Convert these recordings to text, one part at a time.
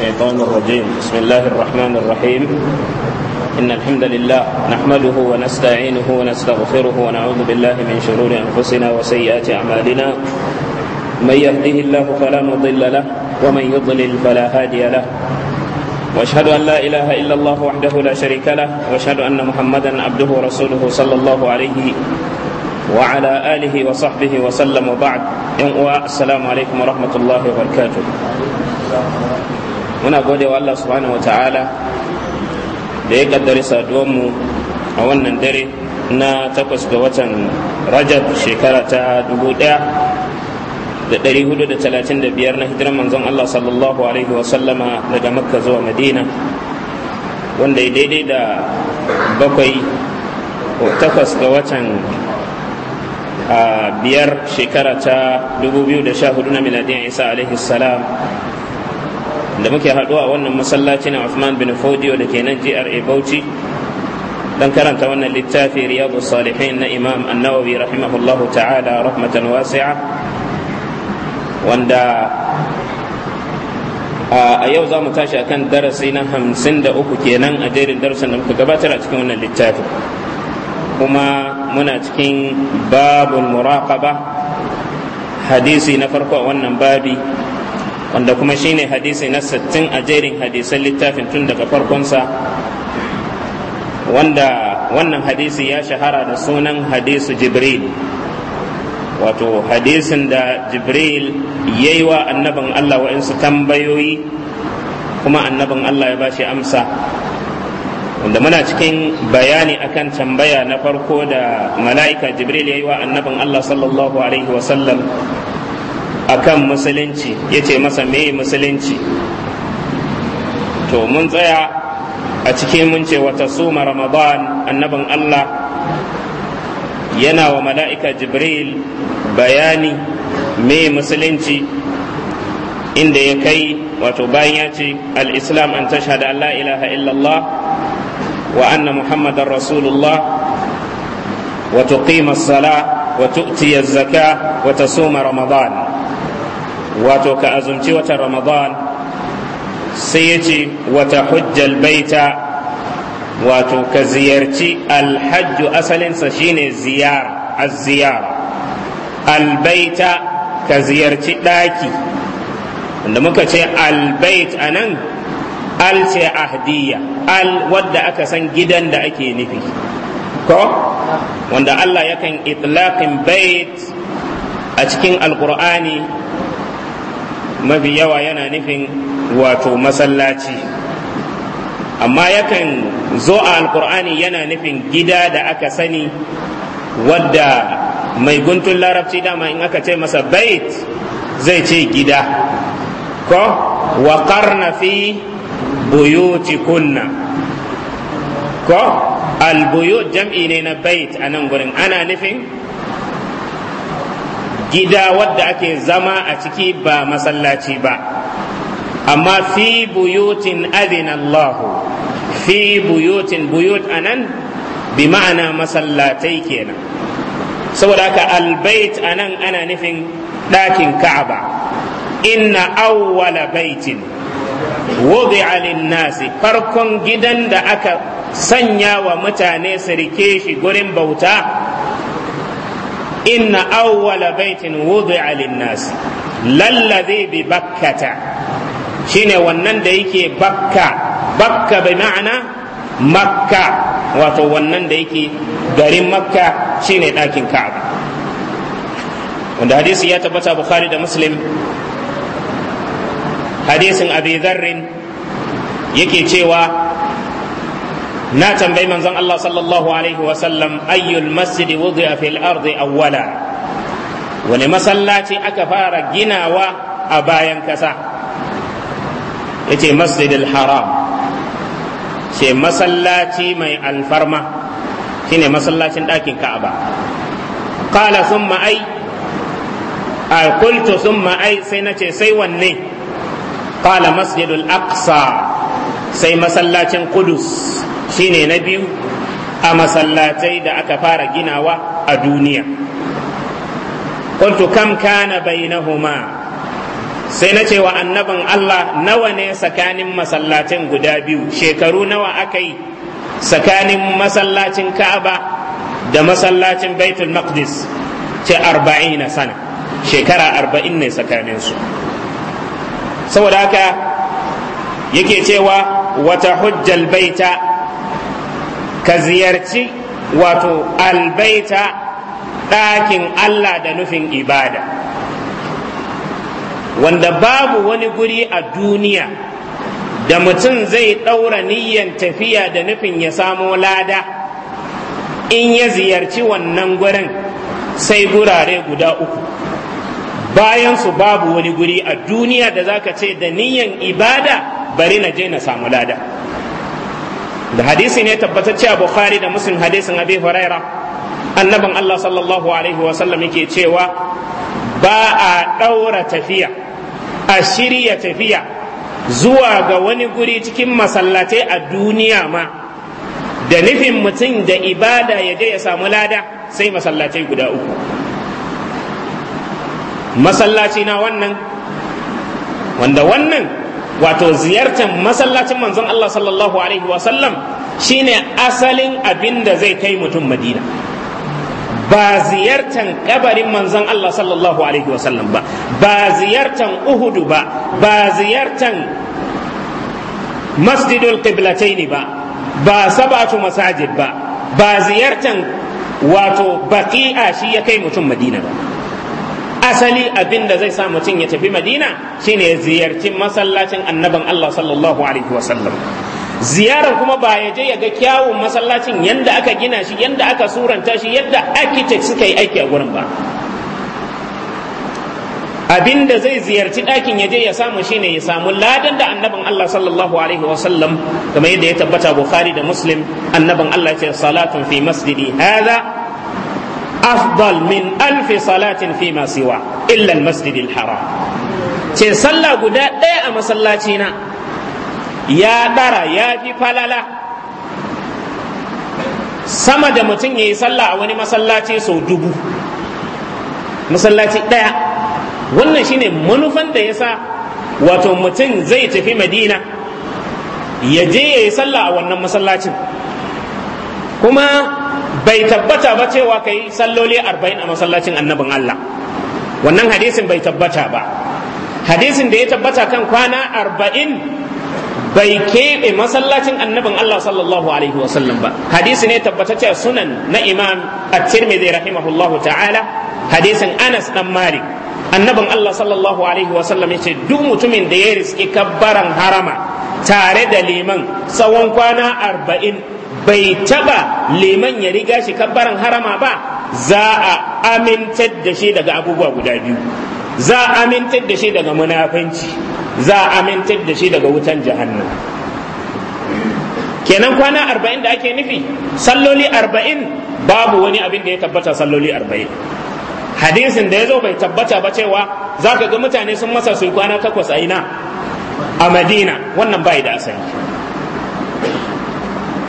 الشيطان الرجيم بسم الله الرحمن الرحيم إن الحمد لله نحمده ونستعينه ونستغفره ونعوذ بالله من شرور أنفسنا وسيئات أعمالنا من يهده الله فلا مضل له ومن يضلل فلا هادي له واشهد ان لا اله الا الله وحده لا شريك له واشهد ان محمدا عبده ورسوله صلى الله عليه وعلى اله وصحبه وسلم وبعد السلام عليكم ورحمه الله وبركاته muna gode wa Allah subhanahu wata'ala da ya kaddari mu a wannan dare na takwas ga watan rajab shekara ta dubu daya da ɗari hudu da talatin da biyar na hijirar manzon Allah sallallahu alaihi wa sallama daga makka zuwa madina wanda ya daidai da bakwai takwas ga watan biyar shekara ta 2014 na miladiyan isa alaihi salam da muke haɗuwa wannan masallaci na Uthman bin Fodiyo da ke nan GRA Bauchi dan karanta wannan littafi Riyadu Salihin na Imam An-Nawawi rahimahullahu ta'ala rahmatan wasi'a wanda a yau za mu tashi akan darasi na hamsin da uku kenan a jerin darasin da muka gabatar a cikin wannan littafi kuma muna cikin babul muraqaba hadisi na farko a wannan babi wanda kuma shi ne hadisi na sittin a jerin hadisan littafin tun daga farkonsa wanda wannan hadisi ya shahara da sunan hadisu jibril wato hadisin da jibril ya yi wa annabin allah waɗansu tambayoyi kuma annabin allah ya bashi amsa wanda muna cikin bayani akan tambaya na farko da mala'ika jibril ya yi wa annabin allah sallallahu alaihi wasallam akan musulunci ya ce masa me musulunci to mun tsaya a cikin mun ce wata suma ramadan annabin allah yana wa mala'ika jibril bayani me musulunci inda ya kai wato bayan ya ce al'islam an tasha da la ilaha illallah wa anna muhammadan rasulullah wa tuqima sala wa tu'tiya zaka wa tasuma ramadan wato ka azumci watan ramadan sai ya ce wata hujjal baita wato ka ziyarci alhajju asalinsa shine ziyar az-ziyar albaita ka ziyarci ɗaki wanda muka ce albait a nan al ce ahdiya al wadda aka san gidan da ake nufi ko wanda Allah yakan itlaqin bait a cikin alkur'ani mafi yawa yana nufin wato masallaci amma yakan zo a alkur'ani yana nufin gida da aka sani wadda mai guntun larabci dama in aka ce masa bait zai ce gida ko wa karna fi kunna ko albuyo jam'i ne na bait a nan gurin ana nufin gida wadda ake zama a ciki ba masallaci ba amma fi buyutin adinallahu, fi buyutin buyut anan bi ma'ana masallatai kenan saboda haka albait anan ana nufin ɗakin ka'aba inna awwala baitin wudi'a nasi farkon gidan da aka sanya wa mutane su rike shi gurin bauta inna awwala baitin wudi'a lin-nas lalladhi bi bakkata shine wannan da yake bakka bakka bi ma'ana makka wato wannan da yake garin makka shine ɗakin ka'aba wanda hadisi ya tabbata bukhari da muslim hadisin abi dharrin yake cewa na tambayi manzon Allah sallallahu alaihi wa sallam ayyul masjidi wudi'a fil ardi awwala wani masallaci aka fara ginawa a bayan kasa yace masjidil haram ce masallaci mai alfarma shine masallacin ɗakin ka'aba qala thumma ay a qultu thumma ay sai nace sai wanne qala masjidul aqsa sai masallacin qudus shine na biyu a masallatai da aka fara ginawa a duniya qultu kam kana bainahuma sai na cewa annabin Allah nawa ne tsakanin masallacin guda biyu shekaru nawa aka yi tsakanin masallacin Ka'aba da masallacin Baitul Maqdis ce na sana shekara arba'in ne tsakaninsu saboda haka yake cewa wata hujjal baita ka ziyarci wato albaita ɗakin Allah da nufin ibada wanda babu wani guri a duniya da mutum zai ɗaura niyyar tafiya da nufin ya samo lada in ya ziyarci wannan gurin sai gurare guda uku bayan su babu wani guri a duniya da zaka ce da niyyan ibada bari na je na samu lada da hadisi ne tabbatacce a bukhari da muslim hadisin abi huraira annabin allah sallallahu alaihi wasallam yake cewa ba a ɗaura tafiya a shirya tafiya zuwa ga wani guri cikin masallatai a duniya ma da nufin mutum da ibada ya je ya samu lada sai masallatai guda uku masallaci na wannan wanda wannan wato ziyartar masallacin manzon Allah sallallahu alaihi wasallam shine asalin abin da zai kai mutum madina ba ziyartan kabarin manzon Allah sallallahu alaihi wasallam ba ba ziyartan uhudu ba ba ziyartan masjidul qiblataini ba ba sabatu masajid ba ba ziyartar wato Baki'a shi ya kai mutum madina ba asali abin da zai sa mutum ya tafi madina shine ya ziyarci masallacin annaban allah sallallahu alaihi wasallam ziyarar kuma ba ya je ya ga kyawun masallacin yadda aka gina shi yadda aka suranta shi yadda architect suka yi aiki a gurin ba abin da zai ziyarci ɗakin ya je ya samu shine ya samu ladan da annabin Allah sallallahu alaihi wa sallam kamar yadda ya tabbata Bukhari da Muslim annabin Allah ce salatun fi masjidi hadha afdal min alfi salatin fi ma siwa illa almasjid alharam ce sallah guda ɗaya a masallaci na ya ɗara ya fi falala sama da mutum ya yi sallah a wani masallaci sau dubu masallaci ɗaya wannan shine manufan da ya sa wato mutum zai tafi madina ya je ya yi sallah a wannan masallacin kuma bai tabbata ba cewa ka yi salloli arba'in a masallacin annabin Allah wannan hadisin bai tabbata ba hadisin da ya tabbata kan kwana arba'in bai keɓe masallacin annabin Allah sallallahu alaihi wasallam ba hadisi ne tabbatacce sunan na imam at-tirmidhi rahimahullahu ta'ala hadisin Anas dan Malik annabin Allah sallallahu alaihi wasallam yace duk mutumin da ya riski kabbaran harama tare da liman tsawon kwana arba'in bai taba liman ya riga shi kabbaran harama ba za a amintar da shi daga abubuwa guda biyu za a amintar da shi daga munafanci za a amintar da shi daga wutan jahannan. kenan kwana arba'in da ake nufi salloli arba'in babu wani abin da ya tabbata salloli arba'in hadisin da ya zo bai tabbata ba cewa za ka ga mutane sun masa su kwana takwas a ina a madina wannan bai da asali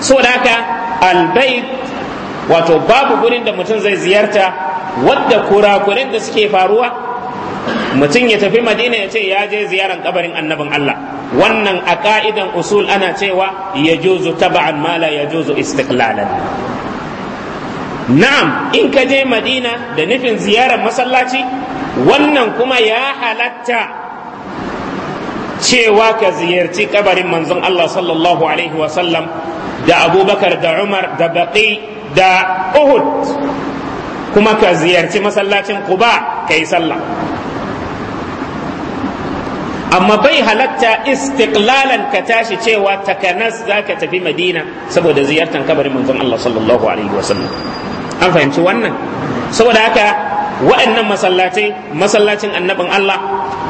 saboda haka albayt wato babu gurin da mutum zai ziyarta wadda kurakurin da suke faruwa mutum ya tafi madina ya ce ya je ziyaran kabarin annabin Allah wannan a ka'idan usul ana cewa ya juzu taba'an mala ya juzu istiklalan na'am in ka je madina da nufin ziyarar masallaci wannan kuma ya halatta cewa ka ziyarci kabarin manzon Allah sallallahu alaihi wasallam da abubakar da umar da baƙi da uhud kuma ka ziyarci masallacin quba ka yi sallah amma bai halatta istiklalan ka tashi cewa takanas za ka tafi madina saboda ziyartar kabarin manzon Allah sallallahu alaihi wasallam an fahimci wannan saboda haka waɗannan masallatai masallacin annabin Allah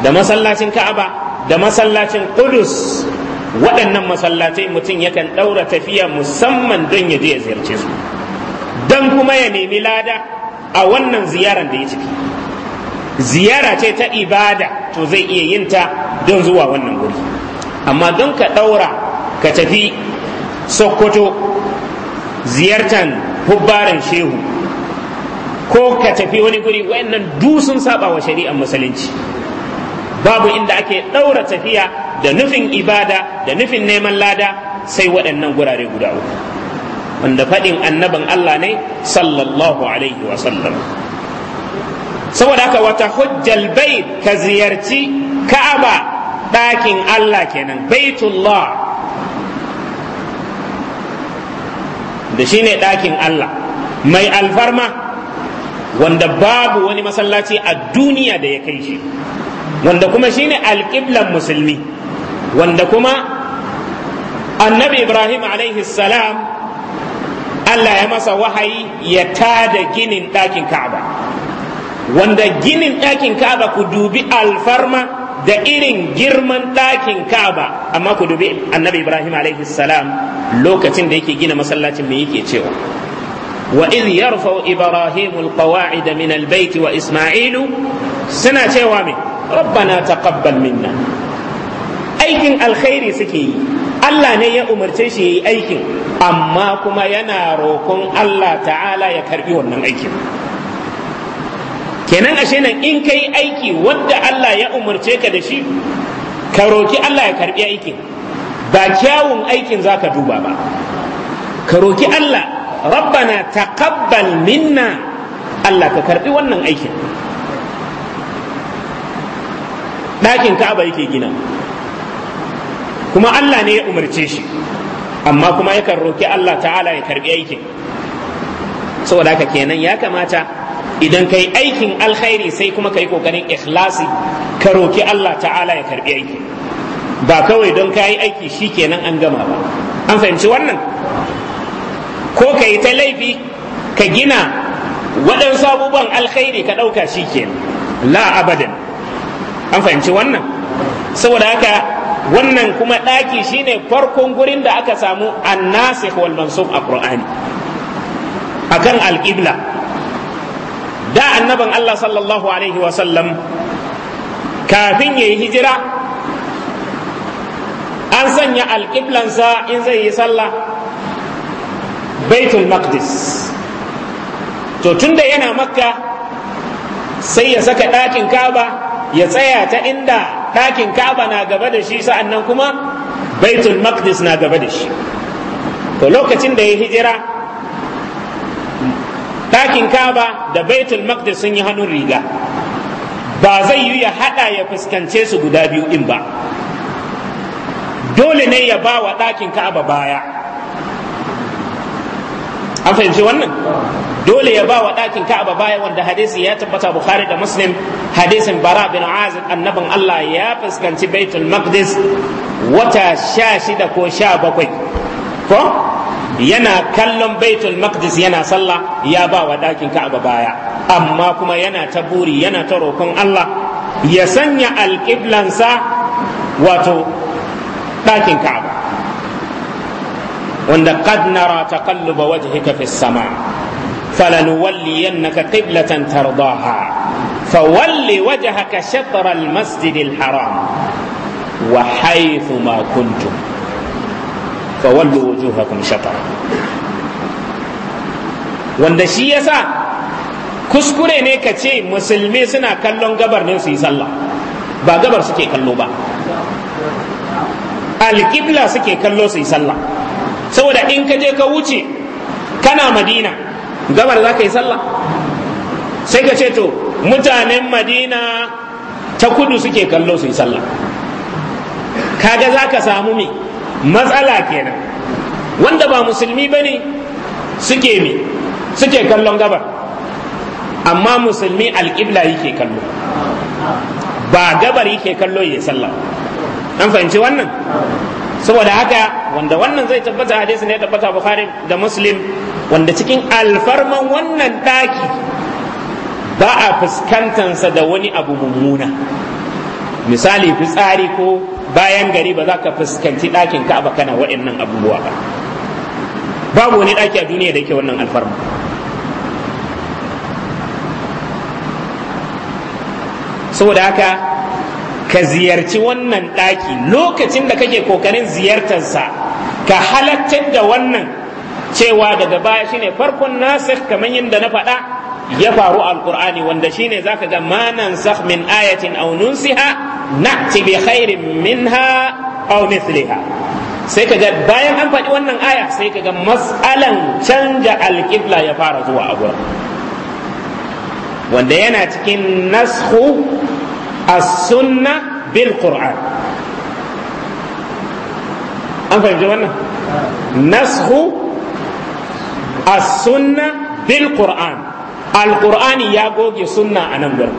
da masallacin Ka'aba da masallacin Kudus. waɗannan masallatai mutum yakan ɗaura tafiya musamman don ya je ya ziyarce su don kuma ya nemi lada a wannan ziyarar da ya ciki. ziyara ce ta ibada to zai iya yin ta don zuwa wannan wuri amma don ka ɗaura ka tafi sokoto ziyartan hubbaran shehu ko ka tafi wani guri wayannan du sun saɓawa wa shari'ar musulunci babu inda ake ɗaura tafiya da nufin ibada da nufin neman lada sai waɗannan gurare guda uku wanda faɗin annabin Allah ne sallallahu alaihi wa sallam saboda haka wata hujjal bai ka ziyarci ka'aba ɗakin Allah kenan baitullah da shi ne ɗakin Allah mai alfarma wanda babu wani masallaci a duniya da ya kai shi wanda kuma shine alƙiblan musulmi wanda kuma annabi ibrahim salam allah ya masa wahayi ya tada ginin ɗakin ka'aba wanda ginin ɗakin ka'aba ku dubi alfarma da irin girman ɗakin ka'aba amma ku dubi annabi ibrahim salam lokacin da yake gina masallacin mai yake cewa وإذ يرفع إبراهيم القواعد من البيت وإسماعيل سنة شيوامي rabbana taqabbal minna aikin alkhairi suke yi Allah ne ya umarce shi yayi aikin amma kuma yana roƙon Allah ta'ala ya karbi wannan aikin kenan ashe nan in ka yi aiki wanda Allah ya umarce ka da shi ka roki Allah ya karbi aikin ba kyawun aikin za ka duba ba ka roki Allah rabbana taqabbal minna Allah ka karbi wannan aikin ɗakin ka'aba yake gina kuma Allah ne ya umarce shi amma kuma yakan roki Allah ta'ala ya karbi aikin saboda haka kenan ya kamata idan kai aikin alkhairi sai kuma kai kokarin ikhlasi ka roki Allah ta'ala ya karbi aikin ba kawai don ka aiki shi kenan an gama ba an fahimci wannan ko ka yi ta laifi ka gina waɗansu abubuwan alkhairi ka ɗauka shi kenan la abadan an fahimci wannan saboda haka wannan kuma ɗaki shine farkon gurin da aka samu annasikh wal mansukh a qur'ani akan alqibla da annaban Allah sallallahu alaihi wa sallam kafin yayi hijira an sanya alqiblansa in zai yi sallah baitul maqdis to tunda yana makka sai ya saka ɗakin kaba ya tsaya ta inda ɗakin ka'aba na gaba da shi sa'annan kuma baitul maqdis na gaba da shi to lokacin da ya hijira ɗakin ka'aba da baitul maqdis sun yi hannun riga ba zai yi ya haɗa ya fuskance su guda biyu in ba dole ne ya ba wa ɗakin ka'aba baya an fahimci wannan dole ya ba wa ɗakin ka'aba baya wanda hadisin ya tabbata bukhari da muslim hadisin bara bin azib annabin allah ya fuskanci baitul maqdis wata sha shida ko sha bakwai ko yana kallon baitul maqdis yana sallah ya ba wa ɗakin ka'aba baya amma kuma yana ta buri yana ta roƙon allah ya sanya alƙiblansa wato ɗakin ka'aba wanda qad nara taqalluba wajhika fi sama' فلنولينك قبلة ترضاها فول وجهك شطر المسجد الحرام وحيث ما كنتم فولوا وجوهكم شطرا wanda shi yasa kuskure ne ka ce musulmi suna kallon gabar ne su yi sallah ba gabar suke kallo ba alƙibla suke kallo su yi sallah saboda in ka je ka wuce kana madina gabar za ka yi sallah sai ka ce to mutanen madina ta kudu suke kallo su yi sallah kaga za ka samu mi matsala kenan wanda ba musulmi ba ne suke mi suke kallon gabar amma musulmi alƙibla yake kallo ba gabar yake kallo ya sallah an fahimci wannan saboda haka wanda wannan zai tabbata hadisi ne tabbata bukhari da muslim wanda cikin alfarman wannan ɗaki ba a fuskantansa da wani abu mummuna misali fitsari ko bayan gari ba za ka fuskanci ɗakin ka'aba kana waɗannan abubuwa ba babu wani ɗaki a duniya da yake wannan alfarma saboda haka ka ziyarci wannan ɗaki lokacin da kake kokarin ziyartarsa ka halattar da wannan cewa daga baya shine farkon nasir kamar yadda na faɗa ya faru alqur'ani wanda shine zaka ga manan nansakh min ayatin aw nunsiha na bi khairin minha aw mithliha sai ka ga bayan an faɗi wannan aya sai ka ga mas'alan canja alƙibla ya fara zuwa a gurin wanda yana cikin nashu as-sunna bil qur'an an fahimci wannan nashu as-sunna bil qur'an al-Qur'ani ya goge sunna a nan gurin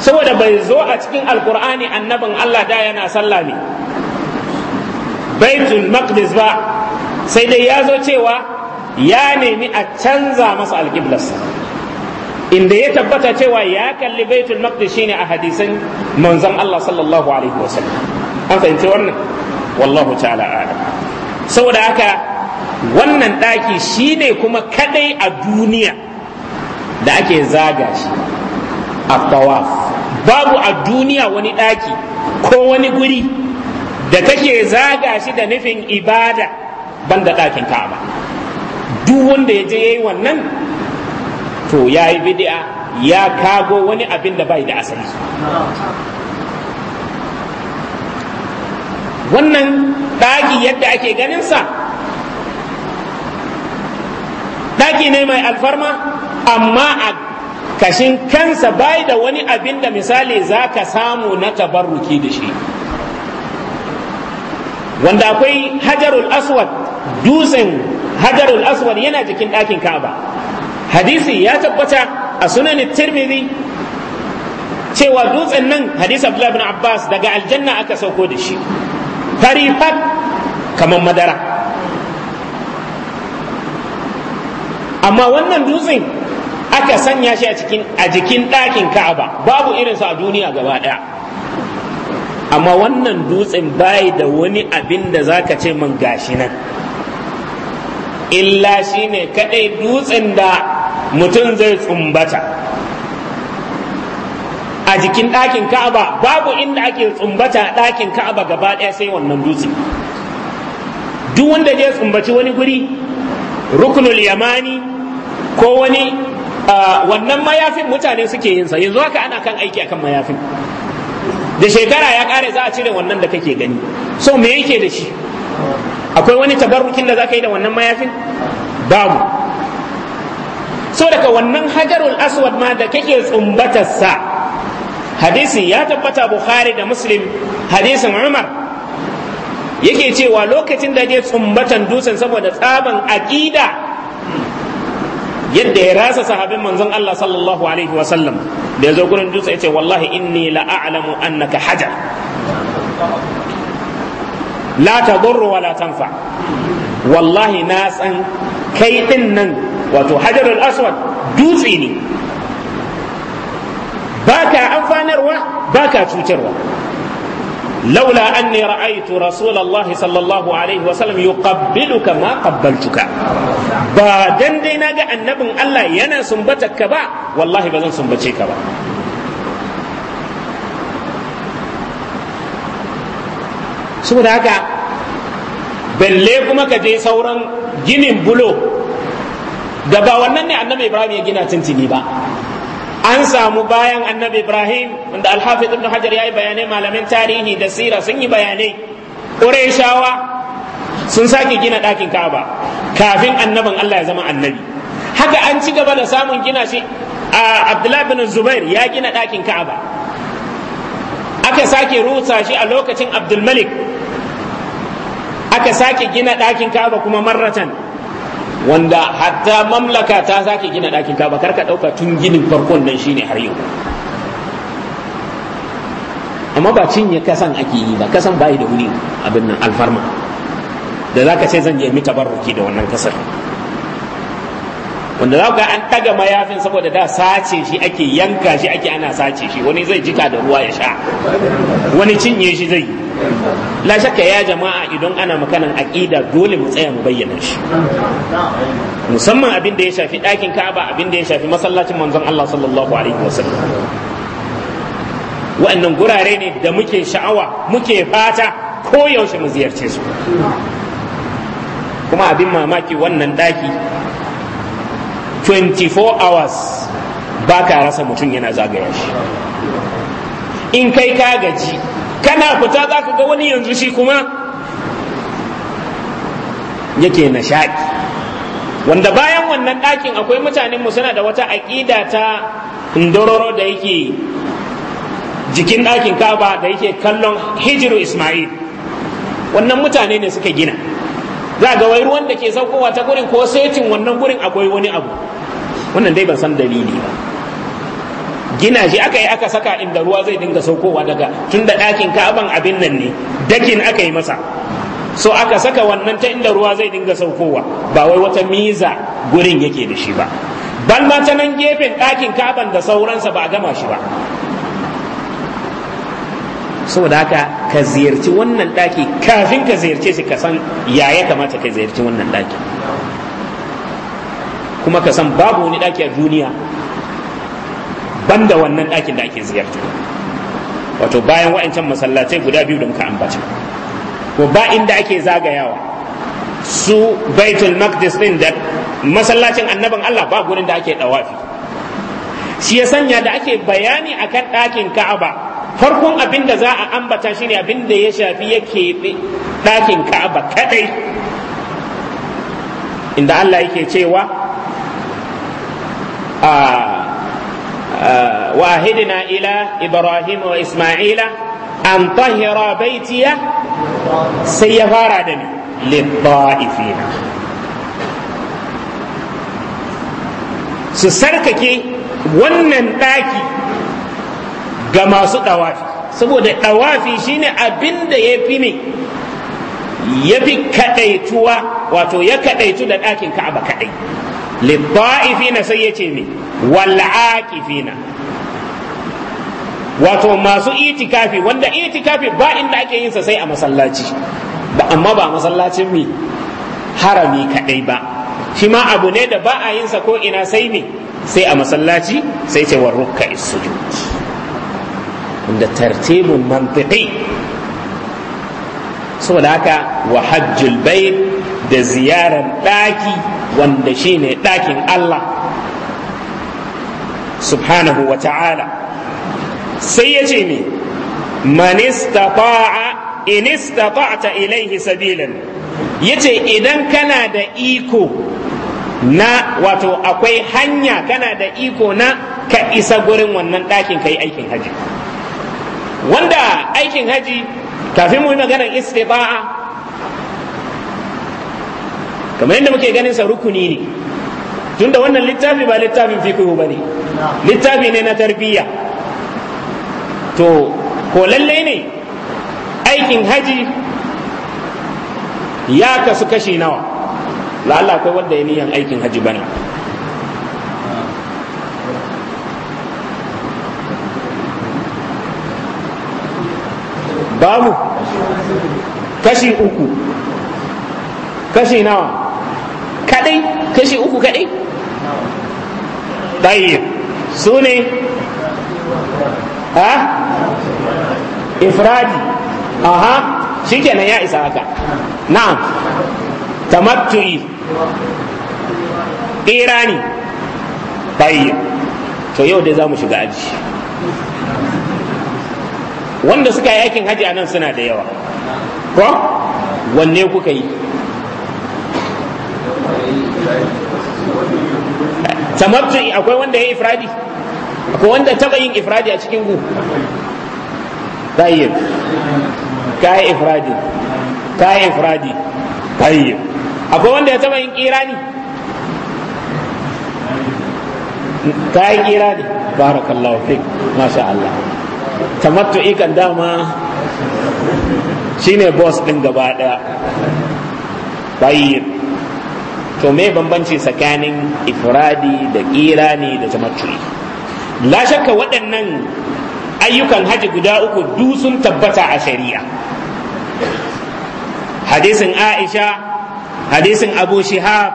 saboda bai zo a cikin al-Qur'ani annabin Allah da yana sallah ne baitul maqdis ba sai dai ya zo cewa ya nemi a canza masa alqiblarsa inda ya tabbata cewa ya kalli baitul maqdis shine a hadisan manzon Allah sallallahu alaihi wasallam an fahimci wannan wallahu ta'ala alam saboda haka wannan ɗaki shine kuma kadai a duniya da ake zaga shi a tawaf babu a duniya wani ɗaki ko wani guri da kake zaga shi da nufin ibada banda ɗakin ka'aba duk wanda ya je yayi wannan to ya yi bid'a ya kago wani abin da bai da asali wannan ɗaki yadda ake ganinsa ɗaki ne mai alfarma amma a kashin kansa bai da wani abin da misali za ka samu na tabarruki da shi wanda akwai hajarul aswad dutsen hajarul aswad yana jikin ɗakin ka'aba hadisi ya tabbata a sunanin tirmidhi cewa dutsen nan hadisi abdullahi bin abbas daga aljanna aka sauko da shi fari fat kamar madara amma wannan dutsen aka sanya shi a jikin ɗakin ka'aba babu irinsa a duniya gaba ɗaya amma wannan dutsen bai da wani abin da za ka ce man gashi nan illa shi ne kaɗai dutsen da mutum zai tsumbata a jikin ɗakin ka'aba babu inda ake tsumbata ɗakin ka'aba gaba ɗaya sai wannan dutse duk wanda ya tsumbaci wani guri rukunul yamani ko wani wannan mayafin mutane suke yin sa yanzu haka ana kan aiki akan mayafin da shekara ya kare za a cire wannan da kake gani so me yake da shi akwai wani tabarrukin da za ka yi da wannan mayafin babu so daga wannan hajarul aswad ma da kake tsumbatarsa Hadisin ya tabbata bukhari da muslim hadisin umar yake cewa lokacin da je tsumbatan dutsen saboda tsaban aƙida yadda ya rasa sahabin manzon Allah sallallahu alaihi wasallam da ya zo gurin dutsen ya ce wallahi inni alamu annaka hajar la tadurru wa la tanfa wallahi na san kai din nan wato hajarul aswad dutse ne baka amfanarwa baka cutarwa laula anni ra'aytu rasulullahi sallallahu alaihi wasallam yuqabbiluka ma qabbaltuka ba dan dai naga annabin Allah yana sumbata ka ba wallahi ba zan sumbace ka ba saboda haka balle kuma ka je sauran ginin bulo da ba wannan ne annabi Ibrahim ya gina tintini ba an samu bayan annabi ibrahim wanda alhafiz ibn hajar ya yi bayanai malamin tarihi da sira sun yi bayanai ƙurayshawa sun sake gina ɗakin ka'aba kafin annabin allah ya zama annabi haka an ci gaba da samun gina shi a abdullahi bin zubair ya gina ɗakin ka'aba aka sake rusa shi a lokacin abdulmalik aka sake gina ɗakin ka'aba kuma marratan wanda hatta mamlaka ta sake gina ɗakin kar ka ɗauka tun ginin farkon nan shine har yau amma ba cinye kasan ake yi ba kasan bayi da wuri abin nan alfarma da za ka ce zan je mi tabarruki da wannan kasar wanda za ga an ɗaga mayafin saboda da sace shi ake yanka shi ake ana sace shi wani zai jika da ruwa ya sha wani cinye shi zai yi la shakka ya jama'a idan ana makanan aqida dole mu tsaya mu bayyana shi musamman abin da ya shafi ɗakin Ka'aba abin da ya shafi masallacin manzon Allah sallallahu alaihi wasallam wa'annan gurare ne da muke sha'awa muke fata ko yaushe mu ziyarce su kuma abin mamaki wannan ɗaki 24 hours ba ka rasa mutum yana zagaya shi in kai ka gaji kana fita za ka ga wani yanzu shi kuma yake nishaɗi wanda bayan wannan ɗakin akwai mutanenmu suna da wata aƙida ta ndororo da yake jikin ɗakin kaba da yake kallon hijiru ismail wannan mutane ne suka gina za ga wai ruwan da ke saukowa ta gurin ko setin wannan gurin akwai wani abu wannan dai ban san dalili ba gina shi aka yi aka saka inda ruwa zai dinga saukowa daga tun da ɗakin ka'aban abin nan ne dakin aka yi masa so aka saka wannan ta inda ruwa zai dinga saukowa ba wai wata miza gurin yake da shi ba bal ma ta nan gefen ɗakin kaban da sauransa ba a gama shi ba da haka ka ziyarci wannan ɗaki kafin ka ziyarce shi ka san ya ya kamata ka ziyarci wannan ɗaki kuma ka san babu wani ɗaki a duniya banda wannan ɗakin da ake ziyarta wato bayan wa'ancan masallatai guda biyu da muka ambata ko ba inda ake zagayawa su baitul maqdis din da masallacin annabin Allah ba gurin da ake dawafi shi ya sanya da ake bayani akan ɗakin Ka'aba farkon abin da za a ambata shine abin da ya shafi yake ɗakin Ka'aba kadai inda Allah yake cewa a ah, وعهدنا إلى إبراهيم وإسماعيل أن طهر بيتي سيفار عدني للطائفين su sarkake wannan ɗaki ga masu ɗawafi saboda ɗawafi shine abin da ya fi ne ya fi kaɗaituwa wato ya kaɗaitu da ɗakin ka'aba kaɗai litta'ifina sai ya ce wato masu itikafi wanda itikafi ba inda ake yinsa sa sai a masallaci ba amma ba masallacin mi harami kadai ba shi ma abu ne da ba a yin sa ko ina sai mi sai a masallaci sai ce warruka sujud inda tartibun mantiqi saboda haka wa hajjul bait da ziyarar ɗaki wanda shi ne ɗakin Allah subhanahu wa ta'ala sai ya ce ne manistata'a inistata'ta ilaihi sabilan ce idan kana da iko na wato akwai hanya kana da iko na ka isa gurin wannan ɗakin ka yi aikin haji wanda aikin haji kafin mu yi maganar istiba'a kamar yadda muke ganin sa rukuni ne tunda wannan littafi ba littafin ba bane littafi ne na tarbiyya to ko lallai ne aikin haji ya kasu kashi nawa la'alla akwai wanda ya niyan aikin haji bane babu kashi uku kashi nawa kadai kashi uku kadai tayyib su ne ha ifradi aha shikenan ya isa haka na'am tamattu'i irani tayyib to yau dai za mu shiga aji wanda suka yi aikin haji a nan suna da yawa ko wanne kuka yi tamattu akwai wanda ya yi ifradi akwai wanda taba yin ifradi a cikin ku tayyib ka yi ifradi ka yi ifradi tayyib akwai wanda ya taba yin kirani ka yi kirani barakallahu fik masha Allah tamattu ikan dama shine boss din gaba daya tayyib to me bambanci tsakanin ifradi da kirani da tamattu'i la shakka waɗannan ayyukan haji guda uku du sun tabbata a shari'a hadisin aisha hadisin abu shihab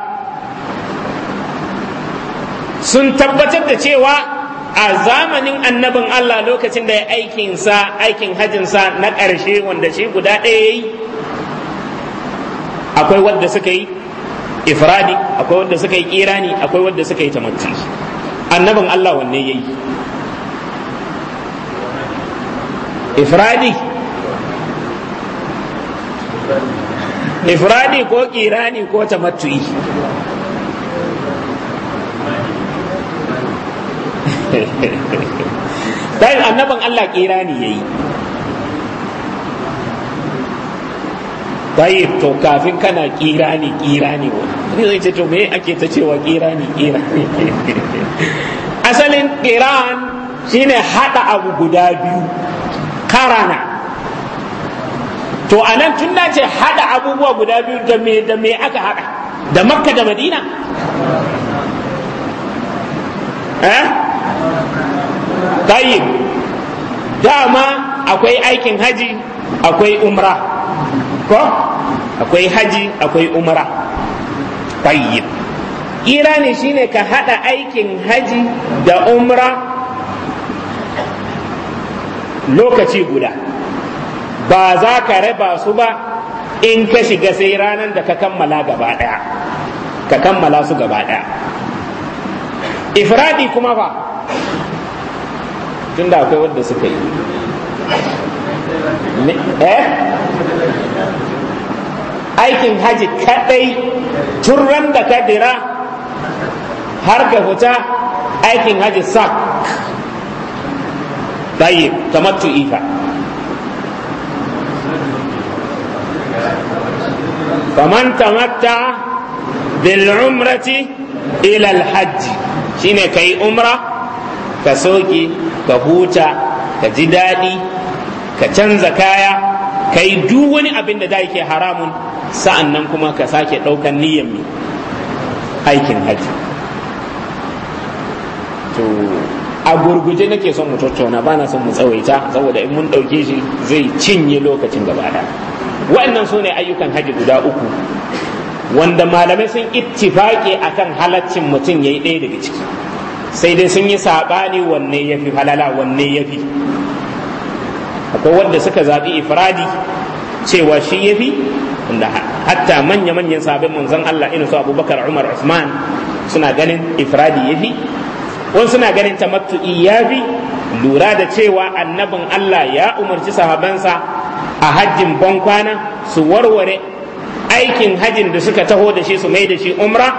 sun tabbatar da cewa a zamanin annabin Allah lokacin da ya aikinsa aikin hajinsa na ƙarshe wanda shi guda ɗaya yi akwai wadda suka yi ifradi akwai wanda suka yi kirani akwai wanda suka yi tamatti annabin Allah wanne yayi ifradi ifradi ko kirani ko tamattu'i dai annaban Allah kirani yayi tayyib to kafin kana kira ne kira ne wani zai ce to me ake ta cewa kira ne kira ne asalin kiran shine hada abu guda biyu karana to anan tun na ce hada abubuwa guda biyu da me da me aka hada da makka da madina eh tayyib dama akwai aikin haji akwai umra ko akwai haji akwai umra tayyib irani shine ka hada aikin haji da umra lokaci guda ba za ka raba su ba in ka shiga sai ranar da ka kammala gaba daya ka kammala su gaba daya ifradi kuma ba tunda akwai wanda suka yi eh aikin haji kadai tun ran da ka dira har ka fita aikin haji sak tayyib tamattu ifa faman tamatta bil umrati ila al hajj shine kai umra ka soki ka huta ka ji daɗi ka canza kaya ka yi duk wani abin da da yake haramun sa'an nan kuma ka sake ɗaukar niyyar mai aikin haji to a gurguje nake son mu tattauna ba na son mu tsawaita saboda in mun ɗauke shi zai cinye lokacin gaba waɗannan su ne ayyukan haji guda uku wanda malamai sun a akan halaccin mutum ya yi ɗaya daga ciki sai dai sun yi saɓani wanne ya fi halala wanne ya fi akwai wanda suka zaɓi ifradi cewa shi ya fi hatta manya-manyan sabbin manzon Allah irin su abubakar umar usman suna ganin ifradi ya fi suna ganin tamattu ya fi lura da cewa annabin Allah ya umarci sahabansa a hajjin bankwana su warware aikin hajjin da suka taho da shi su mai da shi umra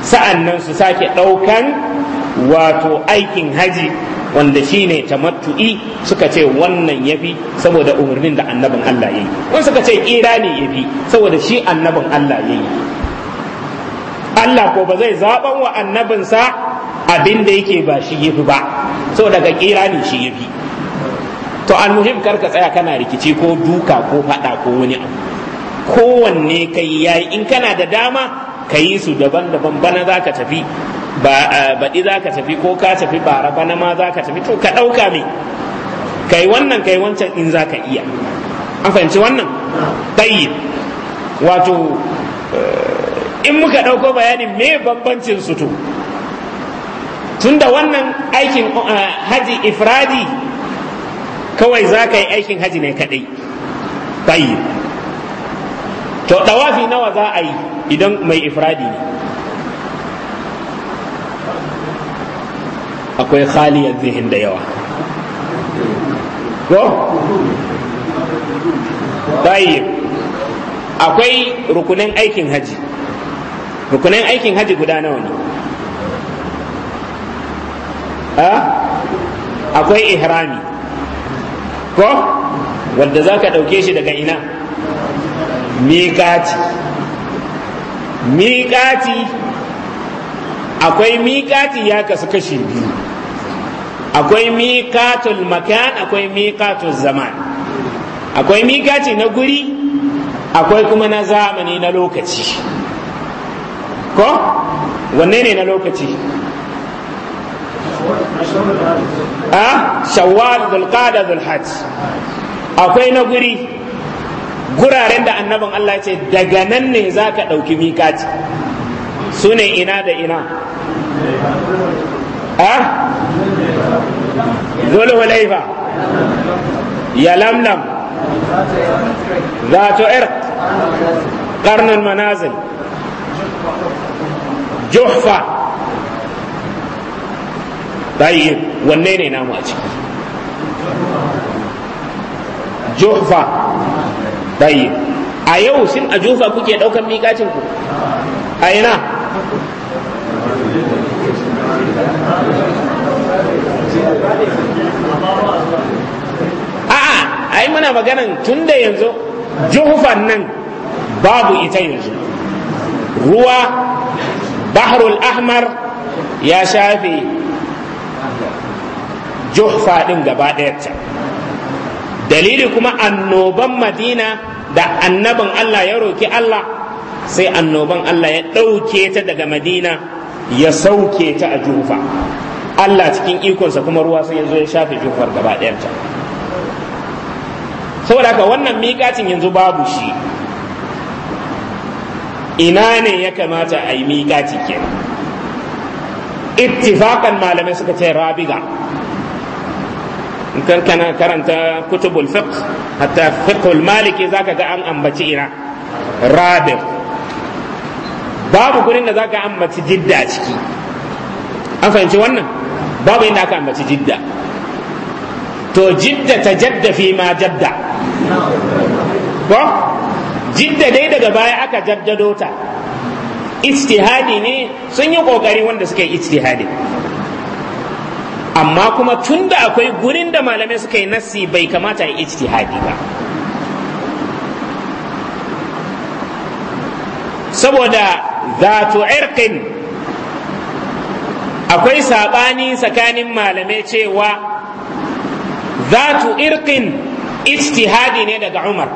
sa'annan su sake ɗaukan wato aikin haji wanda shi ta tamattu'i suka ce wannan yafi saboda umarnin da annabin Allah ya yi. wani suka ce ƙira ya yafi saboda shi annabin Allah ya yi. Allah ko ba zai zaɓan wa annabinsa abin da yake ba shi fi ba saboda ƙira ne shi yafi to almuhim kar ka tsaya kana rikici ko duka ko faɗa ko wani abu kowanne kai yayi in kana da dama ka yi su daban-daban bana za ka tafi ba baɗi za ka tafi ko ka tafi bara bana ma za ka tafi to ka ɗauka ne kai wannan kai wancan in za ka iya an fahimci wannan tayyib wato eh, in muka ɗauko bayani me bambancin su to tunda wannan aikin eh, haji ifradi kawai za ka yi aikin haji ne kaɗai tayyib to ɗawafi nawa za a yi idan mai ifradi ne akwai khali a zihin da yawa ko tayyib akwai rukunin aikin haji rukunin aikin haji guda nawa ne akwai ihrami ko wanda za ka ɗauke shi daga ina miƙati miƙati akwai miƙati ya kasu kashi biyu akwai miƙatul makan akwai miƙatul zaman akwai miƙaci na guri akwai kuma na zamani na lokaci ko wanne ne na lokaci a ah, shawwal zulqada zulhajj akwai na guri guraren da annabin Allah ce daga nan ne za ka ɗauki miƙaci su ne ina da ina ah ya lamlam ذات عرق قرن المنازل جحفة طيب والنين يناموا جحفة طيب a yau sun a jufa kuke ɗaukar ku? a ina ai muna maganan tun da yanzu juhufan nan babu ita yanzu ruwa bahrul ahmar ya shafe juhfa din gaba ɗayarta dalili kuma annoban madina da annabin allah ya roki allah sai annoban allah ya ɗauke ta daga madina ya sauke ta a juhufa. allah cikin ikonsa kuma ruwa sai ya ya shafe juhufar gaba ɗayarta saboda haka wannan miƙacin yanzu babu shi ina ne ya kamata a yi miƙaci kenan ittifakan malamai suka ce rabiga kan kana karanta kutubul fiqh hatta fiqhul maliki zaka ga an ambaci ina rabig babu gurin da zaka ambaci jidda a ciki an fahimci wannan babu inda aka ambaci jidda to jidda ta jadda fi ma jadda ko jidda dai daga baya aka jaddado ta ijtihadi ne sun yi kokari wanda suka yi ijtihadi amma kuma tunda akwai gurin da malamai suka yi nassi bai kamata yi ijtihadi ba saboda tu irqin akwai sabani tsakanin malamai cewa zatu irqin istihadi ne daga umar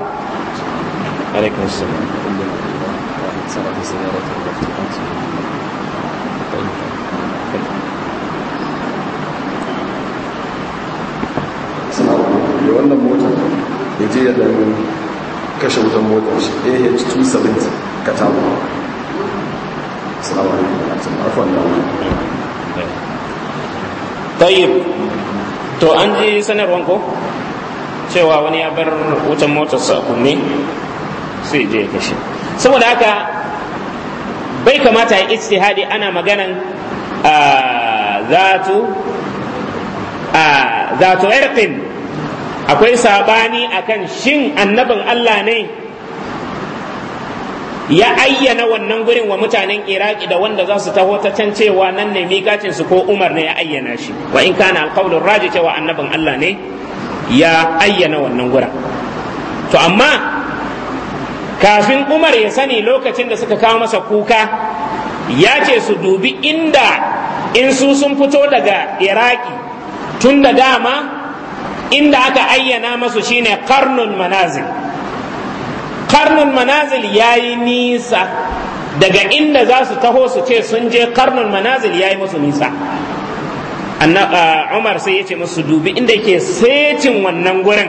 ya wannan da eh, to an ji sanarwan ko cewa wani ya bar wutan motarsa a kunne sai je ya kashe saboda haka bai kamata ya istihadi ana maganan zatu zatu irqin akwai sabani akan shin annabin Allah ne ya ayyana wannan gurin wa mutanen iraki da wanda za su taho ta can cewa nan ne mikacin su ko umar ne ya ayyana shi wa in kana alqaulur raji cewa annabin Allah ne ya ayyana wannan gura to amma kafin umar ya sani lokacin da suka kawo masa kuka ya ce su dubi inda in su sun fito daga iraki tun da dama inda aka ayyana masu shine karnun manazil karnun manazil ya yi nisa daga inda za su taho su ce sun je karnun manazil ya yi musu nisa Ah, Umar sai ya ce masu dubi inda yake setin wannan gurin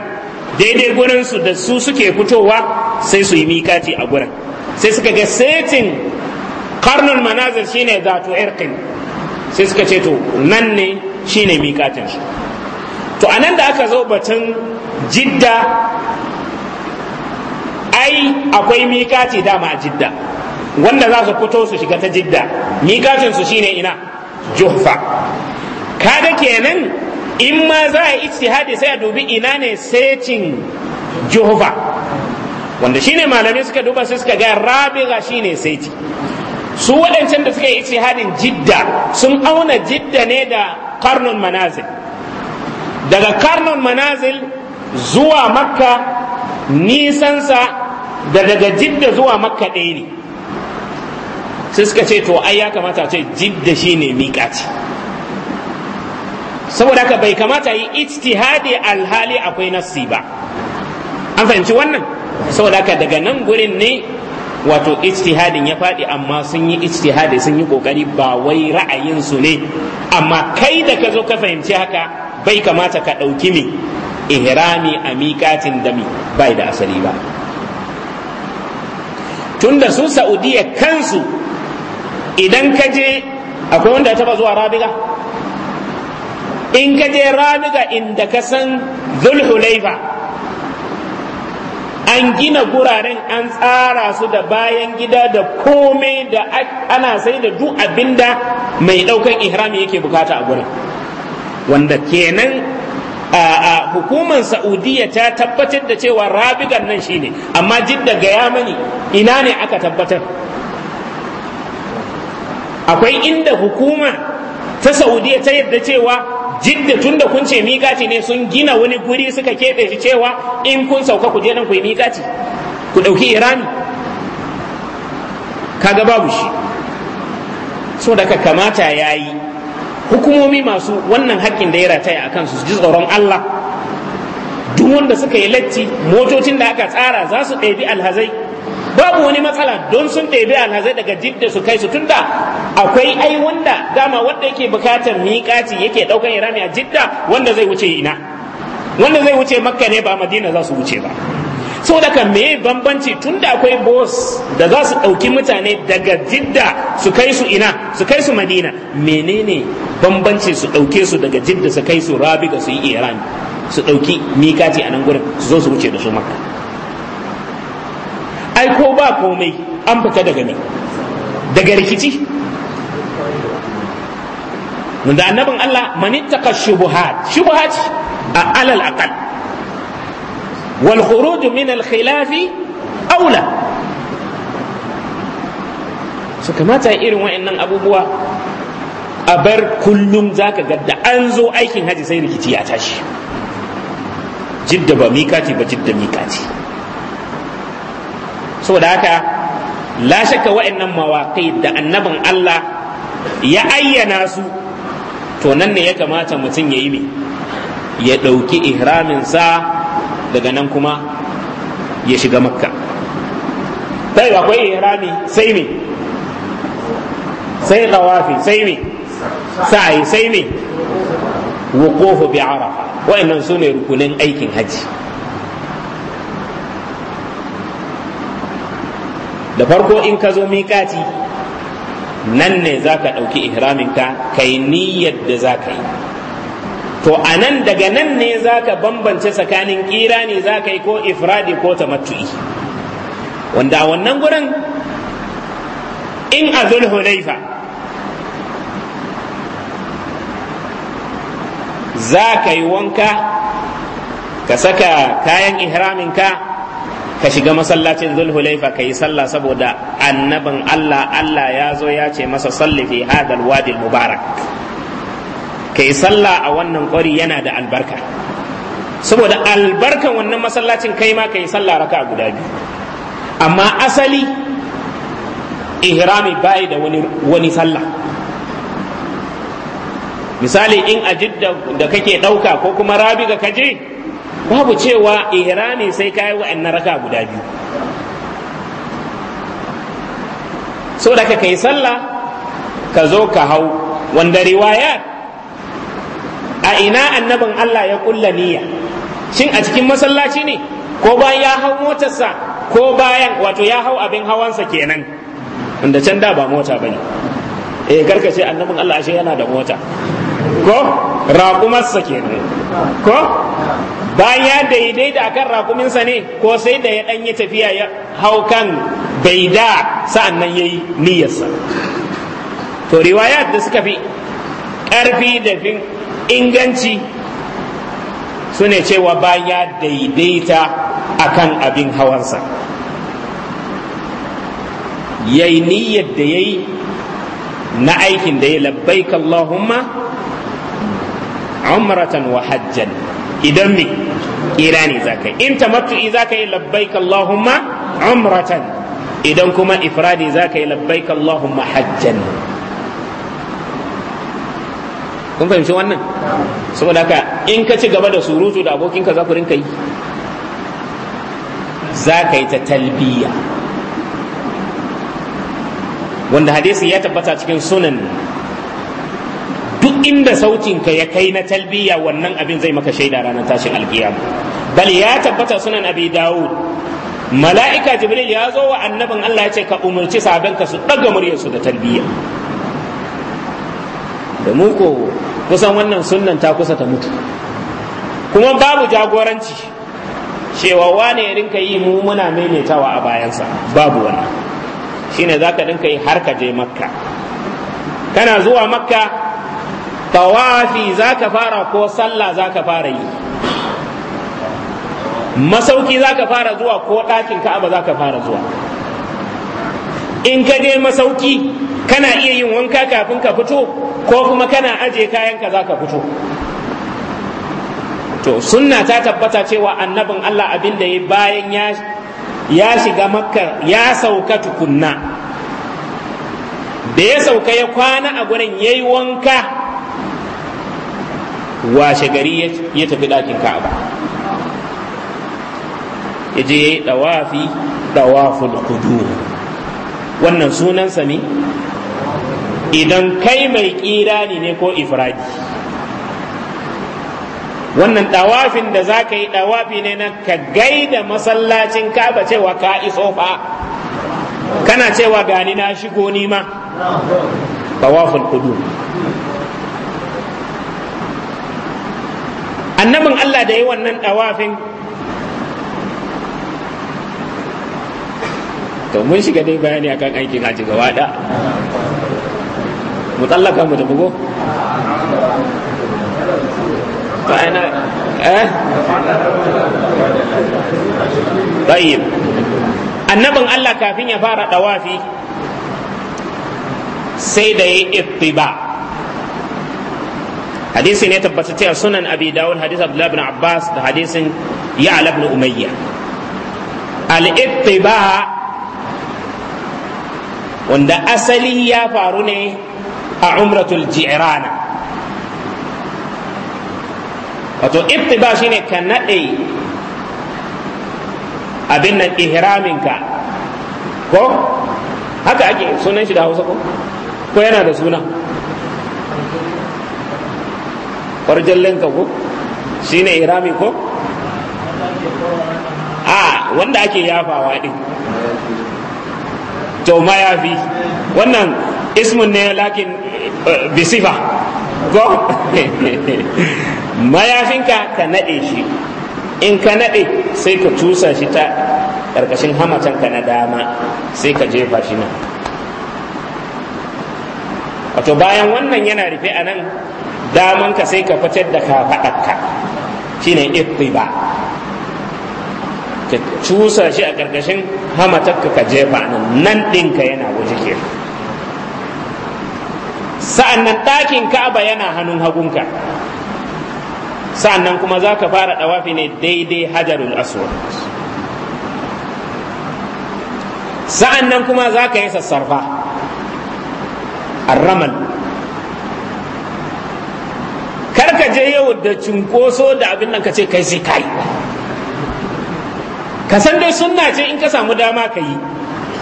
daidai gurin su da su suke fitowa sai su yi mikati a gurin sai suka ga setin karnul manazir shine zato irqin sai suka ce to nan ne shine mikatin shi to anan da aka zo batun jidda ai akwai mikati dama a jidda wanda za su fito su shiga ta jidda mikatin su shine ina juhfa kaga kenan in ma za a ijtihadi sai a dubi ina ne setin Jehova. wanda shine malami suka duba sai suka ga rabiga shine saiti. su waɗancan da suka yi ijtihadin jidda sun auna jidda ne da karnon manazil daga karnon manazil zuwa makka nisansa da daga jidda zuwa makka ɗaya ne sai suka ce to ai ya kamata ce jidda shine miƙaci saboda haka bai kamata yi ijtihadi alhali akwai nassi ba an fahimci wannan saboda haka daga nan gurin ne wato ijtihadin ya faɗi amma sun yi ijtihadi sun yi kokari ba wai ra'ayin su ne amma kai da ka zo ka fahimci haka bai kamata ka ɗauki mi ihrami a miƙatin dami bai da asali ba tunda su saudiya kansu idan ka je akwai wanda ya taba zuwa rabiga in ka je ramuka inda ka san zulhulaifa an gina guraren an tsara su da bayan gida da komai da ana sai da duk abinda mai daukan ihrami yake bukata a gurin wanda kenan a hukumar saudiya ta tabbatar da cewa rabigan nan shine amma jidda gaya mani ina ne aka tabbatar akwai inda hukuma ta saudiya ta yadda cewa jidda da kun ce miƙaci ne sun gina wani guri suka keɓe shi cewa in kun sauka ku je nan ku yi miƙaci ku ɗauki irami kaga babu shi so ka kamata ya yi hukumomi masu wannan haƙƙin da ya rataya a kansu su ji tsoron Allah duk wanda suka yi latti motocin da aka tsara za su ɗebi alhazai babu wani matsala don sun ɗebi alhazai daga jidda su kai su tunda akwai ai wanda dama wanda yake bukatar miƙaci yake ɗaukan irami a jidda wanda zai wuce ina wanda zai wuce makka ne ba madina za su wuce ba sau daga me bambanci da akwai bos da za su ɗauki mutane daga jidda su kai su ina su kai su madina menene bambanci su ɗauke su daga jidda su kai su rabi ga su yi irami su ɗauki miƙaci a nan gurin su zo su wuce da su makka ai ko ba komai an fita daga ne daga rikici da annabin Allah manittaka shubuhat shubuhat a alal aqal wal khuruj min al khilafi aula su kamata irin wa'annan abubuwa a bar kullum zaka ga da an zo aikin haji sai rikici ya tashi jidda ba mikati ba jidda mikati saboda haka la shakka wa'annan mawaƙa'i da annabin Allah ya ayyana su to nan ne ya kamata mutum ya yi ne ya ɗauki ihraminsa daga nan kuma ya shiga makka sai akwai ihrami sai me sai tawafi sai me sai sai me wuqufu bi arafa wa'annan sune rukunin aikin haji da farko in ka zo miƙati nan ne za ka ɗauki ihraminka ka yi niyyar da za ka yi to a nan daga nan ne za ka bambance tsakanin ƙira ne za ka yi ko ifradi ko ta matu'i wanda a wannan gurin in a zulhulaifa za ka yi wanka ka saka kayan ihraminka ka shiga masallacin zulhulaifa ka yi sallah saboda annabin Allah Allah ya zo ya ce masa salli fi hadal wadil mubarak ka yi sallah a wannan kwari yana da albarka saboda albarkan wannan masallacin kai ma ka yi sallah raka guda biyu amma asali ihrami bai da wani, wani sallah misali in a da kake ɗauka ko kuma rabi ga kaje babu cewa ihrami sai ka yi wa'annan raka guda biyu so da ka kai sallah ka zo ka hau wanda riwaya? a ina annabin Allah ya kulla niyya shin a cikin masallaci ne ko bayan ya hau motarsa ko bayan wato ya hau abin hawansa kenan wanda can da ba mota bane eh karkace annabin Allah ashe yana da mota ko raƙumarsa kenan ko bayan ya daidaita akan rakuminsa ne ko sai da ya dan yi tafiya ya hau kan baida sa'an nan ya yi niyyarsa to riwayat da suka fi ƙarfi da fin inganci su ne cewa baya daidaita akan abin hawansa ya yi niyyar da ya yi na aikin da ya labbaik Allahumma umratan wa hajjan idan me za ka yi in tamattu'i ka yi labbaik Allahumma umratan idan kuma ifradi ka yi labbaik Allahumma hajjan kun fahimci wannan saboda ka in ka ci gaba da surutu da abokinka za ku rinka yi za ka yi ta talbiya wanda hadisi ya tabbata cikin sunan Inda sautin ka ya kai na talbiya wannan abin zai maka shaida ranar tashin alkiyama bal ya tabbata sunan abi dawud mala'ika jibril ya zo wa annabin allah ya ce ka umarci sabanka su ɗaga muryarsu da talbiya da mu ko kusan wannan sunnan ta kusa ta mutu kuma babu jagoranci cewa wane ya rinka yi mu muna maimaitawa a bayansa babu wannan shine za ka rinka yi har ka je makka kana zuwa makka tawafi za ka fara ko sallah za ka fara yi masauki za ka fara zuwa ko ɗakin ka'aba za ka fara zuwa in ka je masauki kana iya yin wanka kafin ka fito ko kuma kana aje kayanka za ka fito to sunna ta tabbata cewa annabin allah abin da ya bayan ya shiga makka ya sauka tukunna da ya sauka ya kwana a gurin ya yi wanka washe gari ya tafi ɗakin ka'aba ya je ya yi ɗawafi ɗawafin kudu wannan sunansa ne idan kai mai ƙira ne ko ifradi wannan ɗawafin da za ka yi ɗawafi ne na ka gaida masallacin ka'aba cewa ka iso fa kana cewa gani na shigo nima Ɗawafin kudu annabin Allah da yi wannan ɗawafin to mun shiga dai bayani akan aikin haji gaba da mu tsallaka mu tafi ko eh? tayyib annabin Allah kafin ya fara ɗawafi sai da ya ittiba hadisi ne tabbatacce a sunan abi dawud hadis abdullah ibn abbas da hadisin ya'la ibn umayya al-ittiba wanda asali ya faru ne a umratul ji'rana wato ittiba shine ka nade abin nan ihraminka ko haka ake sunan shi da hausa ko ko yana da suna farjallen ka ko shine irami ko a wanda ake yafawa din to mayafi wannan ismun ne lakin eh, bisifa ko mayafinka ka naɗe shi in ka naɗe sai ka cusa shi ta ƙarƙashin ka na dama sai ka jefa shi nan wato bayan wannan yana rufe a nan daman ka sai ka fitar da ka kafaɗarka shine ittiba ka cusa shi a ƙarƙashin hamatarka ka jefa nan nan ɗinka yana waje ke sa'an nan ɗakin ka'aba yana hannun hagunka sa'an nan kuma za ka fara ɗawafi ne daidai hajarul aswad sa'an nan kuma za ka yi sassarfa ramal kar ka je yau da cunkoso da abin nan ka ce kai sai kai ka san dai sunna ce in ka samu dama ka yi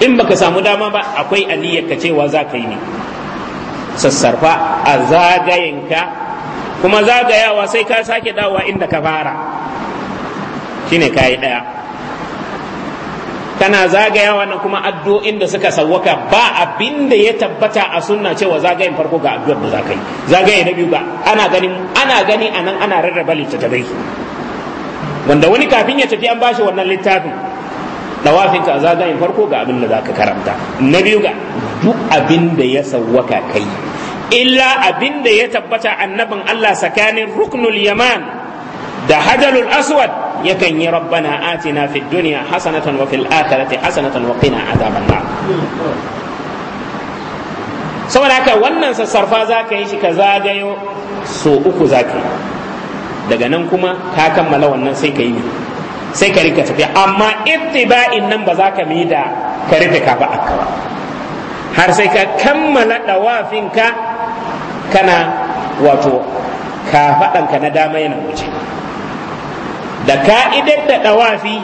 in baka samu dama ba akwai aniyar ka cewa za ka yi ne sassarfa a zagayenka kuma zagayawa sai ka sake dawowa inda ka fara shine ka yi ɗaya tana zagaya nan kuma addu'o'in da suka sawwaka ba abin da ya tabbata a sunna cewa zagayen farko ga addu'ar da zaka yi zagaye na biyu ga ana gani ana gani anan ana rarraba littattafai wanda wani kafin ya tafi an bashi wannan littafin dawafin ka zagayen farko ga abin da zaka karanta na biyu ga duk abin da ya sawwaka kai illa abin da ya tabbata annabin Allah tsakanin ruknul yaman da hajarul aswad yakan yi rabbana atina fi duniya hasanatan wa fil akhirati hasanatan wa qina adhaban nar saboda haka wannan sassarfa za ka yi shi ka zagayo so uku za ka yi daga nan kuma ka kammala wannan sai ka yi sai ka rika tafiya amma ittiba'in nan ba za ka mi da ka rufe kafa akka ba har sai ka kammala dawafinka kana wato ka faɗanka na dama yana wuce da ka'idar da ɗawafi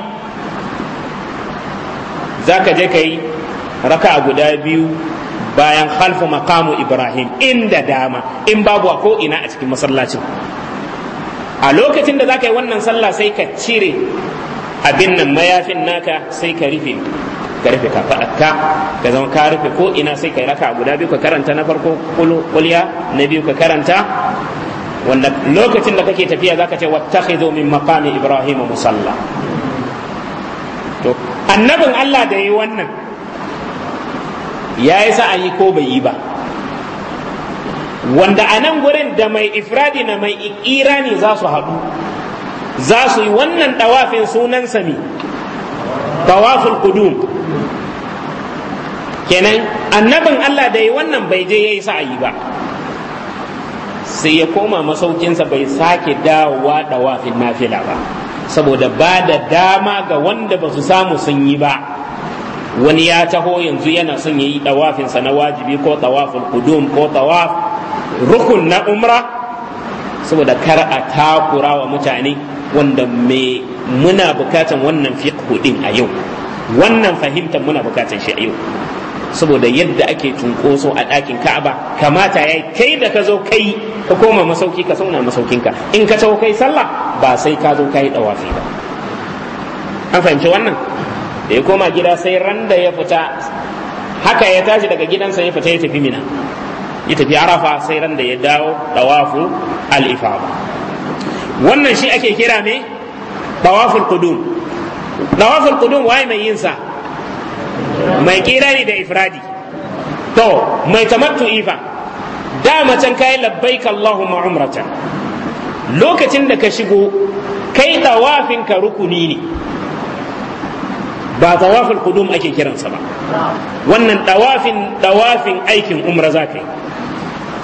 za ka je ka yi raka guda biyu bayan halfu makamu ibrahim inda dama in babu a ko'ina a cikin masallacin a lokacin da za ka yi wannan sallah sai ka cire abin nan mayafin naka sai ka rufe ka rufe ka faɗaka ka zama ka rufe ko ina sai ka raka guda biyu ka karanta na farko kulya na biyu ka karanta wanda lokacin da kake tafiya zaka ce wattakhidhu min maqami ibrahim musalla to annabin Allah da yi wannan ya yi sa'ayi ko bai yi ba wanda a nan gurin da mai ifradi na mai ikira ne za su haɗu za su yi wannan ɗawafin sunan Sami tawaful kudum kenan annabin Allah da yi wannan bai je ya yi sa'ayi ba sai ya koma masaukinsa bai sake dawowa da wafin nafila ba saboda ba da dama ga wanda ba su samu sun yi ba wani ya taho yanzu yana son ya yi ɗawafinsa na wajibi ko tawaful kudum ko tawaf rukun na umra saboda kar a takura wa mutane wanda me muna bukatan wannan fiqh din a yau wannan fahimtar muna bukatan shi a yau saboda yadda ake cunkoso a ɗakin ka'aba kamata ya kai da ka zo kai ka koma masauki ka sauna masaukinka in ka taho kai sallah ba sai ka zo kai dawafi ba an fahimci wannan da ya koma gida sai ran da ya fita haka ya tashi daga gidansa ya fita ya tafi mina ya tafi arafa sai ran da ya dawo ɗawafu al-ifada wannan shi ake kira me Kudu, qudum dawaful qudum waye mai yin sa mai ne da ifradi to mai tamattu'i fa dama can kai labbaika Allahumma umratan lokacin da ka shigo kai tawafin ka rukuni ne ba tawafin kudum ake kiransa ba wannan tawafin tawafin aikin umra za ka yi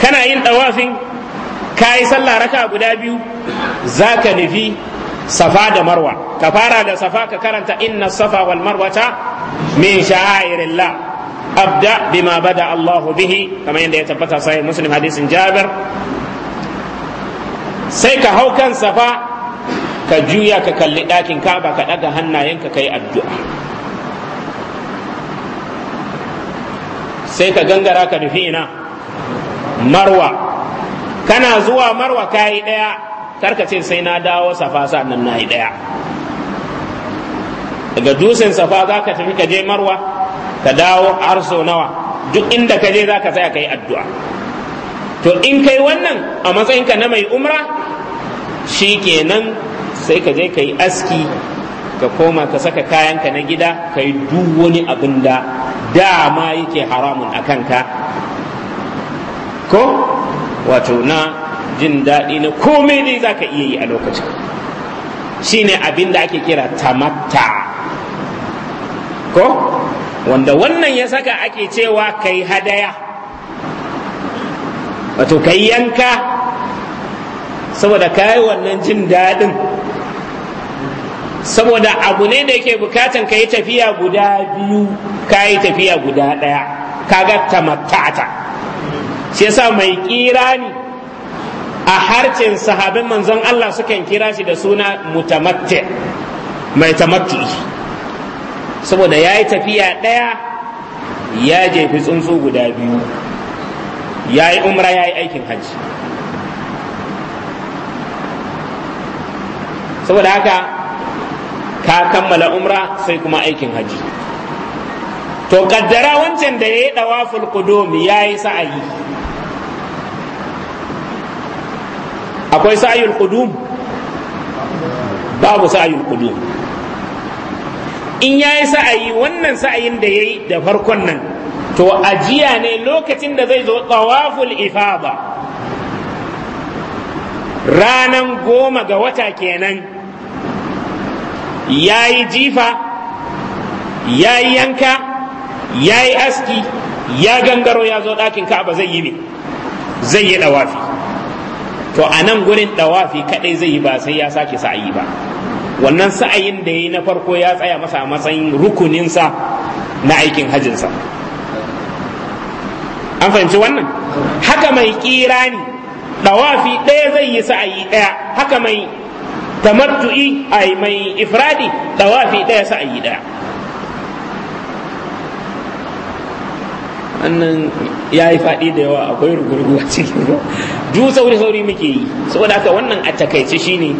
kana yin tawafin ka yi sallah raka guda biyu za ka nufi safa da marwa ka fara da safa ka karanta inna safa wal marwata min sha'airillah abda bima bada Allahu bihi kamar yadda ya tabbata sai muslim hadisin Jabir sai ka hau kan safa ka juya ka kalli ɗakin kaba ka ɗaga hannayenka ka yi addu'a sai ka gangara ka nufi ina marwa kana zuwa marwa kayi ɗaya karka ce sai na dawo safa nan na yi ɗaya daga dusin safa za ka tafi ka je marwa ka dawo har sau nawa duk inda ka je za ka tsaya ka yi addu'a to in kai wannan a matsayinka na mai umra shi kenan sai ka je ka yi aski ka koma ka saka kayanka na gida ka yi duk wani abin da dama yake haramun a kanka ko wato na jin daɗi na komai dai za ka iya yi a lokacin shi ne abin da ake kira tamatta ko wanda wannan ya saka ake cewa kai hadaya wato kai yanka saboda kayi wannan jin daɗin saboda abu ne da yake bukatan ka yi tafiya guda biyu ka yi tafiya guda ɗaya kaga ta shi yasa mai ƙira ne a harcin sahabin manzon Allah sukan kira shi da suna mutamatti mai tamatti saboda ya yi tafiya ɗaya ya jefi tsuntsu guda biyu ya yi umra ya yi aikin hajji saboda haka ka kammala umra sai kuma aikin hajji to kaddara wancan da ya yi ɗawaful kudumi ya yi sa'ayi akwai sa'ayul qudum babu sa'ayul qudum in yayi sa'ayi wannan sa'ayin da yayi da farkon nan to ajiya ne lokacin da zai zo tawaful ifada ranan goma ga wata kenan yayi jifa yi yanka yayi aski ya gangaro ya zo ɗakin ka'aba zai yi ne zai yi ɗawafi to a nan gurin dawafi kadai zai yi ba sai ya sake sa'ayi ba wannan sa'ayin da ya yi na farko ya tsaya masa a matsayin rukuninsa na aikin hajjinsa an fahimci wannan haka mai kirani dawafi ɗaya zai yi sa'ayi ɗaya haka mai tamartu'i, ai mai ifradi dawafi ɗaya sa'ayi ɗaya annan ya yi faɗi da yawa akwai rugurgu a cikin du sauri sauri muke yi saboda haka wannan a takaice shine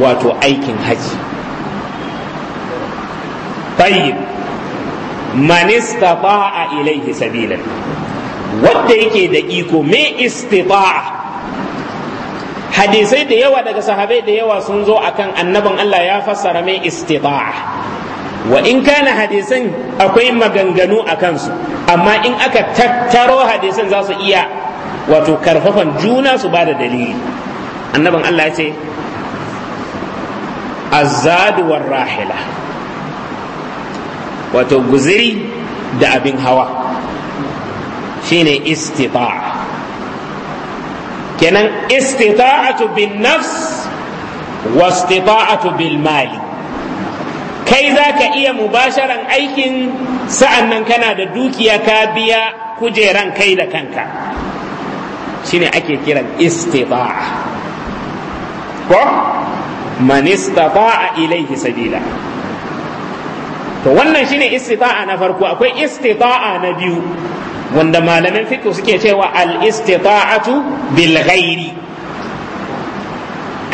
wato aikin haji tayyib man istata'a ilayhi sabila wanda yake da iko me istita'a hadisai da yawa daga sahabai da yawa sun zo akan annabin Allah ya fassara mai istita'a wa in kana hadisan akwai maganganu a kansu amma in aka tattaro hadisan za su iya wato karfafan juna su ba da dalili annabin Allah ya ce azadu war rahila wato guziri da abin hawa shine istita'a kenan istita'atu bin nafs wa istita'atu bil mali kai za ka iya mubasharan aikin sa'an nan kana da dukiya ka biya kujeran kai da kanka shine ake kiran istiba'a ko man ilaihi sabila to wannan shine istifa'a na farko akwai istifa'a na biyu wanda malaman fiqh suke cewa al istifa'atu bil ghairi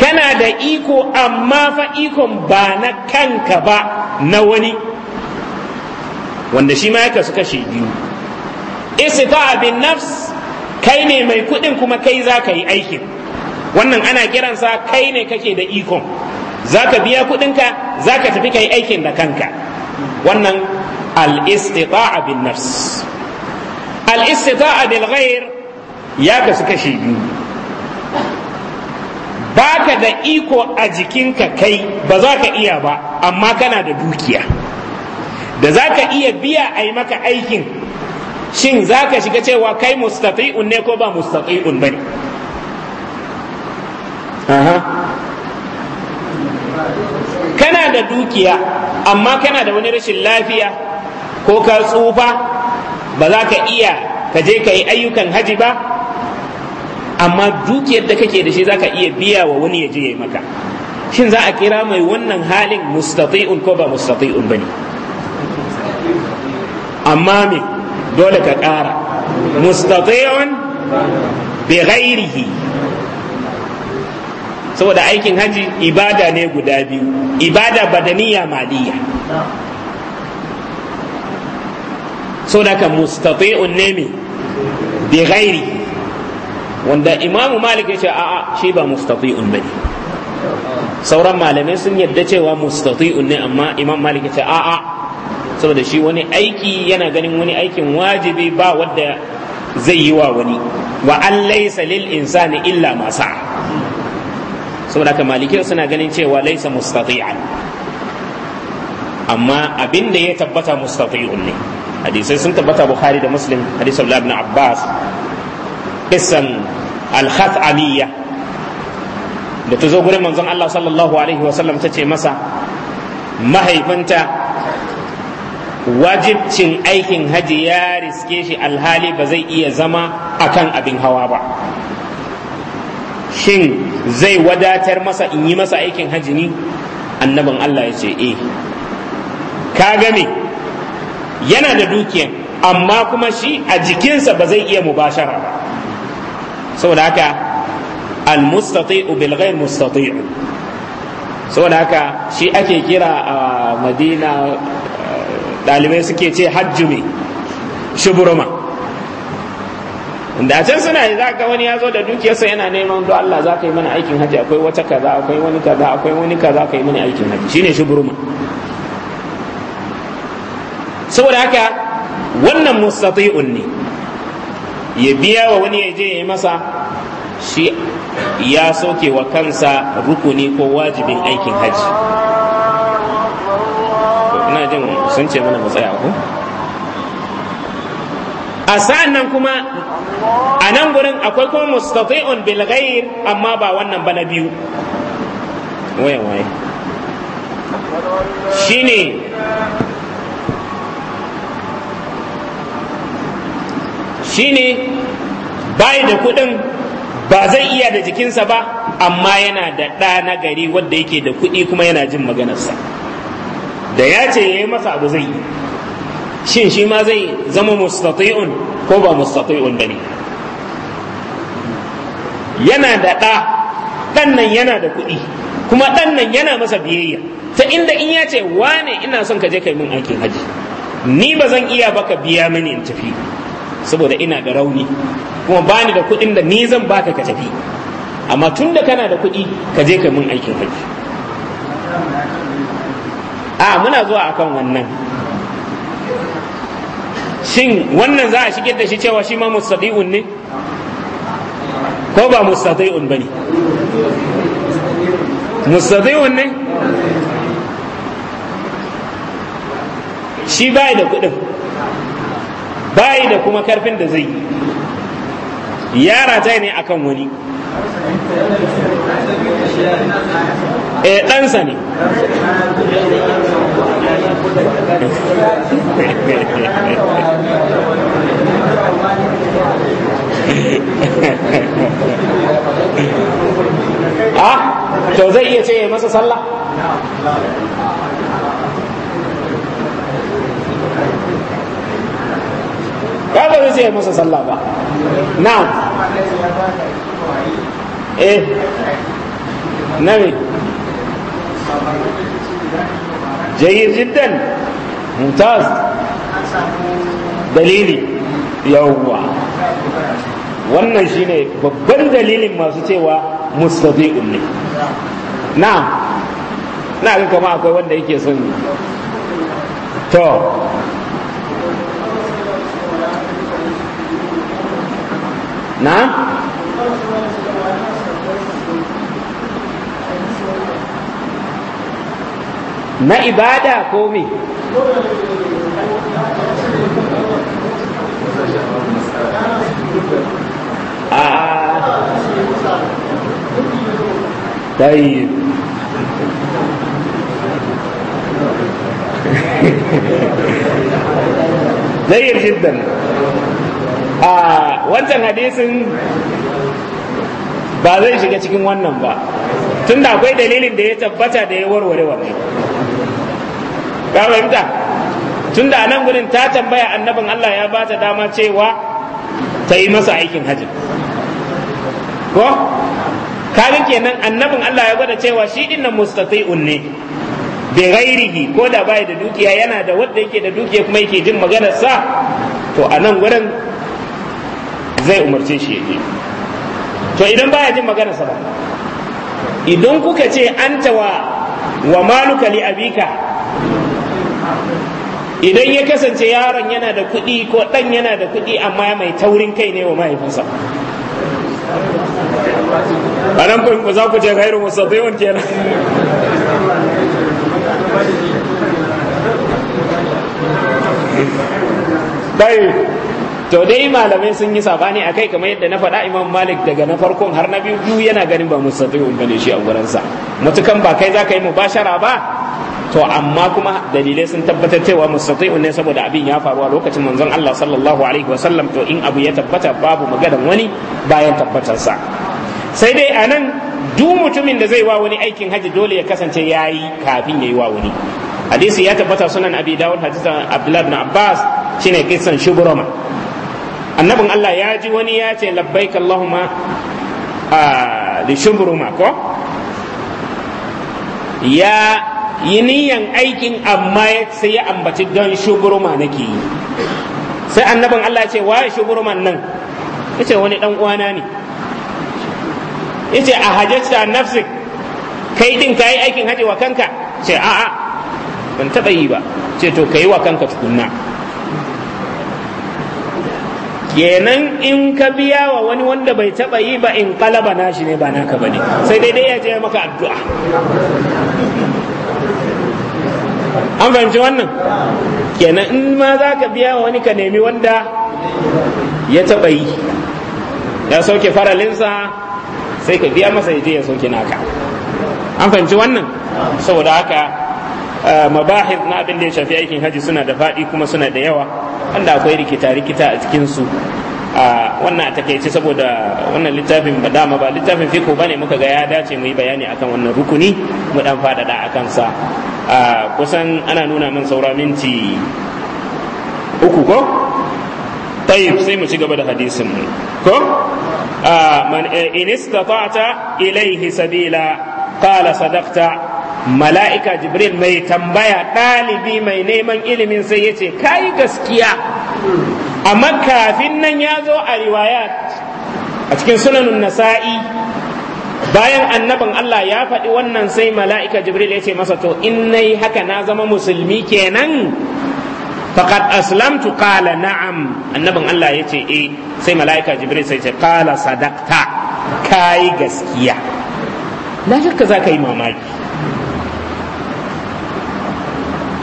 kana da iko amma fa ikon ba na kanka ba na wani wanda shi ma ya kasu kashe biyu istita'a bin nafs kai ne mai kuɗin kuma kai za ka yi aikin wannan ana kiransa kai ne kake da ikon za ka biya kuɗinka za ka tafi ka yi aikin da kanka wannan al-istita'a bin nafs al-istita'a bil ghair ya kasu kashe biyu baka da iko a jikinka kai ba za ka iya ba amma kana da dukiya da za ka iya biya a yi maka aikin shin za ka shiga cewa kai mustati'un ne ko ba mustati'un ba ne kana da dukiya amma kana da wani rashin lafiya ko ka tsufa ba za ka iya ka je ka yi ayyukan haji ba amma dukiyar da kake da shi zaka iya biya wa wani ya je ya maka shin za a kira mai wannan halin mustati'un ko ba mustati'un bane amma me dole ka ƙara mustati'un bi ghairihi saboda aikin haji ibada ne guda biyu ibada badaniya maliya saboda ka mustati'un ne me bi ghairihi wanda imamu malik ya ce a'a shi ba mustati'un bane sauran malamai sun yadda cewa mustati'un ne amma imam malik ya ce a'a saboda shi wani aiki yana ganin wani aikin wajibi ba wadda zai yi wa wani wa an laysa lil insani illa ma sa'a saboda haka malikiyar suna ganin cewa laysa mustati'an amma abin da ya tabbata mustati'un ne hadisai sun tabbata bukhari da muslim hadisi ibn abbas kisan al-khathamiyya da ta zo gurin manzon Allah sallallahu alaihi wasallam ta ce masa mahaifinta wajibcin aikin haji ya riske shi alhali ba zai iya zama akan abin hawa ba shin zai wadatar masa in yi masa aikin haji ne annabin Allah ya ce eh ka game yana da dukiyan amma kuma shi a jikinsa ba zai iya mubashara ba saboda haka al-mustati'u bil ghair mustati'u saboda haka shi ake kira a madina dalibai suke ce hajjumi shuburuma da can suna yi za ka wani ya zo da dukiyarsa yana neman don Allah za ka yi mana aikin hajji akwai wata kaza akwai wani kaza akwai wani kaza ka yi mana aikin hajji shine shuburuma saboda haka wannan mustati'un ne ya biya wa wani ya je ya yi masa shi ya sauke wa kansa rukuni ko wajibin aikin hajji ina jin sun ce mana matsaya ko a sa'an nan kuma a nan gurin akwai kuma mustati'un bil ghair amma ba wannan bana biyu wayan waye shine shine bayi da kuɗin ba zai iya da jikinsa ba amma yana da ɗa na gari wanda yake da kuɗi kuma yana jin maganarsa da ya ce ya yi masa abu zai yi shin shi ma zai zama mustati'un ko ba mustati'un ba ne yana da ɗa ɗan nan yana da kuɗi kuma ɗan nan yana masa biyayya ta inda in ya ce wane ina son ka je kai min aikin haji ni ba zan iya baka biya mini in tafi saboda ina da rauni kuma bani da kuɗin da ni zan baka ka tafi amma tun da kana da kuɗi ka je ka min aikin hajji a muna zuwa akan wannan shin wannan za a shige da shi cewa shi ma mustadi'un ne ko ba mustadi'un ba ne ne shi baya da kuɗin bayi da kuma karfin da zai yi yara rata ne akan wani e ɗansa ne a ah, to zai iya ce masa sallah ba zai yi masa sallah ba na eh na me jayyid jiddan mumtaz dalili yawwa wannan shine babban dalilin masu cewa mustadi'un ne na'am na ga kama akwai wanda yake son to نعم ما إبادة كومي آه. طيب جيد جدا آه wancan hadisin ba zai shiga cikin wannan ba tun da akwai dalilin da ya tabbata da ya warware wannan ka fahimta tun da nan gudun ta tambaya annabin Allah ya ba ta dama cewa ta yi masa aikin hajji ko kaga kenan annabin Allah ya gwada cewa shi din nan mustati'un ne bi gairihi ko da bai da dukiya yana da wanda yake da dukiya kuma yake jin maganar sa to a nan gurin zai umarce shi ya to idan baya jin magana sa ba idan kuka ce an tawa wa maluka li abika idan ya kasance yaron yana da kuɗi ko ɗan yana da kuɗi amma mai taurin kai ne wa mahaifinsa a nan ku za ku je zai wanke kenan to dai malamai sun yi sabani a kai kamar yadda na faɗa imam malik daga na farkon har na biyu yana ganin ba mustati'un bane shi a sa mutukan ba kai za ka yi mubashara ba to amma kuma dalilai sun tabbatar cewa mustati'un ne saboda abin ya faru a lokacin manzon Allah sallallahu alaihi wa sallam to in abu ya tabbata babu maganan wani bayan tabbatarsa sai dai anan duk mutumin da zai wa wani aikin haji dole ya kasance yayi kafin yayi wa wani hadisi ya tabbata sunan abi dawud hadisan abdullah ibn abbas shine kisan shubrama annabin Allah ya ji wani ya ce labbaik Allahumma a lishumruma ko ya yi niyan aikin amma sai ya ambaci don shuburuma nake yi sai annabin Allah ya ce wa shuburuman nan ce wani dan uwana ne yace a hajjata nafsik kai din ka yi aikin haji wa kanka ce a'a ban taɓa yi ba ce to ka yi wa kanka tukunna kenan in ka biya wa wani wanda bai taba yi ba in kalaba nashi ne ba naka bane sai dai dai ya je maka addu'a an fahimci wannan kenan in ma za ka biya wa wani ka nemi wanda ya taɓa yi ya sauke faralinsa sai ka biya masa je ya sauke naka an fahimci wannan saboda haka eh, mabahir na abin da ya shafi aikin haji suna da faɗi kuma suna da yawa wanda akwai rikita-rikita a cikinsu a wannan a takaice saboda wannan littafin ba dama ba littafin fiko ba ne muka ga ya dace mu yi bayani akan wannan rukuni mu dan faɗaɗa a kansa a kusan ana nuna min saura minti uku ko tayyib sai mu ci gaba da hadisin mu ko man eh, in istata ilayhi sabila qala sadaqta mala'ika jibril mai tambaya ɗalibi mai neman ilimin sai yace ce kayi gaskiya amma kafin nan ya zo a riwayat a cikin sunanun nasa'i bayan annabin Allah ya faɗi wannan sai mala'ika jibril ya ce masa to in na haka na zama musulmi kenan faqad aslamtu qala na'am annabin Allah ya ce eh sai mala'ika jibril sai ce qala sadaqta kayi gaskiya na za ka yi mamaki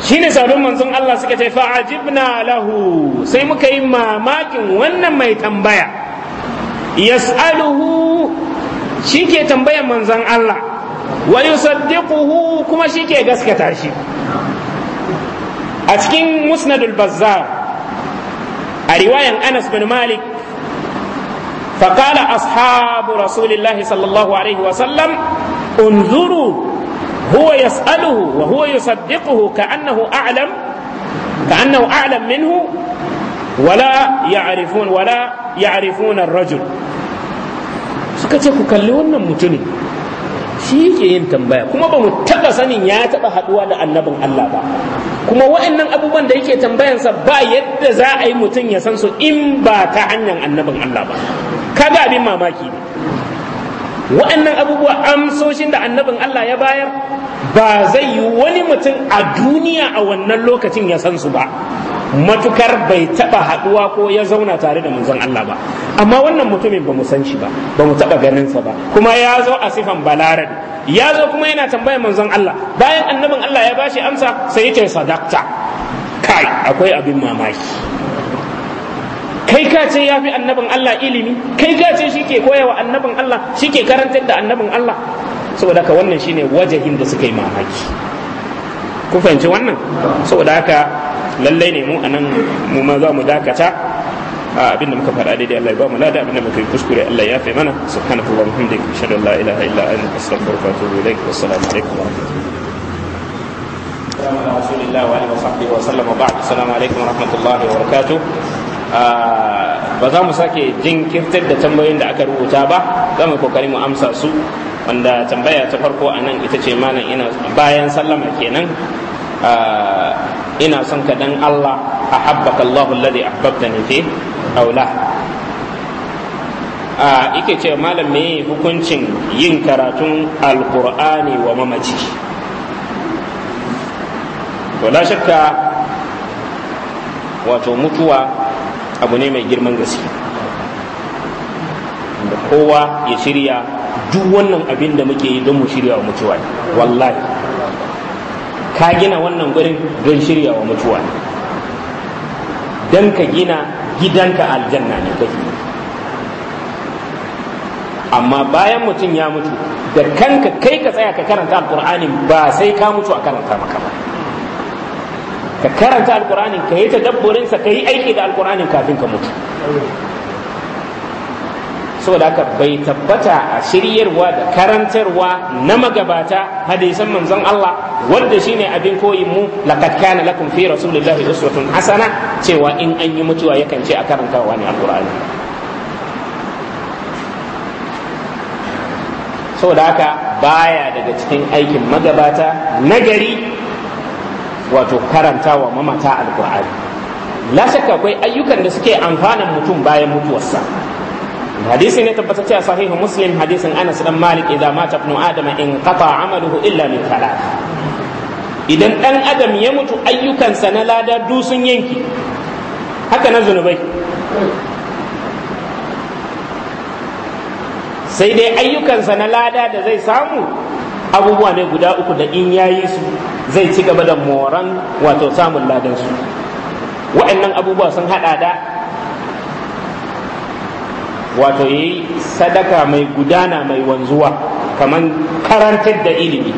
shine sabon manzon Allah suka ce fa'ajibna lahu sai muka yi mamakin wannan mai tambaya yas'aluhu ke tambayan manzon Allah wa yusaddiquhu kuma shike gaskata shi a cikin musnadul bazzar a riwayan Anas bin Malik فقال أصحاب رسول الله صلى الله عليه وسلم انظروا huwa yas'aluhu wa huwa yusaddiquhu ka'annahu a'lam ka'annahu a'lam minhu wala ya'rifun wala ya'rifun rajul suka ce ku kalli wannan mutumin shi ke yin tambaya kuma ba mu taɓa sanin ya taba haɗuwa da annabin Allah ba kuma wa'annan abubuwan da yake tambayansa ba yadda za a yi mutum ya san su in ba ta hanyar annabin Allah ba kaga abin mamaki ne wa'annan abubuwa amsoshin da annabin Allah ya bayar ba zai yi wani mutum a duniya a wannan lokacin ya san su ba matukar bai taɓa haɗuwa ko ya zauna tare da manzon Allah ba amma wannan mutumin ba mu san shi ba ba mu taba ganin sa ba kuma ya zo a sifan balarad ya zo kuma yana tambayar manzon Allah bayan annabin Allah ya bashi amsa sai ya ce sadaqta kai akwai abin mamaki kai ka ce ya fi annabin Allah ilimi kai ka ce shi ke koyawa annabin Allah shi ke karantar da annabin Allah saboda haka wannan shine wajahin da suka yi mamaki ku fahimci wannan saboda haka lallai ne mu anan mu ma za mu dakata a abin da muka faɗa daidai Allah ya ba mu lada abin da muka yi kuskure Allah ya fi mana subhanallahi walhamdulillahi wa an la ilaha illa anta astaghfiruka wa atubu ilaik assalamu alaikum wa rahmatullahi wa على رسول الله وآله wa وسلم Ah, ba za mu sake jinkirtar da tambayoyin da aka rubuta ba za mu kokari mu amsa su wanda tambaya ta farko a nan ita ce malam ina bayan sallama kenan ah, ina son ka dan Allah a habbaka Allah alladhi ahbabtani fi aula a ah, ike ce malam me hukuncin yin karatun alqur'ani wa mamaci to shakka wato mutuwa abu ne mai girman gaske da kowa ya shirya duk wannan abin da muke yi don mu shirya wa mutuwa wallahi ka gina wannan gurin don shirya wa mutuwa don ka gina gidanka aljanna ne kake amma bayan mutum ya mutu da kanka kai ka tsaya ka karanta alkur'ani ba sai ka mutu a karanta maka ba ka karanta alkur'ani ka yi tadabburin sa ka yi aiki da alkur'ani kafin ka mutu saboda haka bai tabbata a shiryarwa da karantarwa na magabata hadisan manzon Allah wanda shine abin koyin mu laqad kana lakum fi rasulillahi uswatun hasana cewa in an yi mutuwa yakan ce a karantawa ne alkur'ani saboda haka baya daga cikin aikin magabata nagari wato karanta wa mamata alkur'ani la shakka akwai ayyukan da suke amfanan mutum bayan mutuwarsa hadisi ne tabbata cewa sahihu muslim hadisin anas dan malik idza mata ibnu adam in qata amaluhu illa min thalath idan dan adam ya mutu ayyukansa na lada du sun yanki haka na zunubai sai dai ayyukansa na lada da zai samu abubuwa ne guda uku da in yayi su zai ci gaba da moran wato samun ladan su wa'annan abubuwa sun hada da wato yi sadaka mai gudana mai wanzuwa kamar karantar da ilimi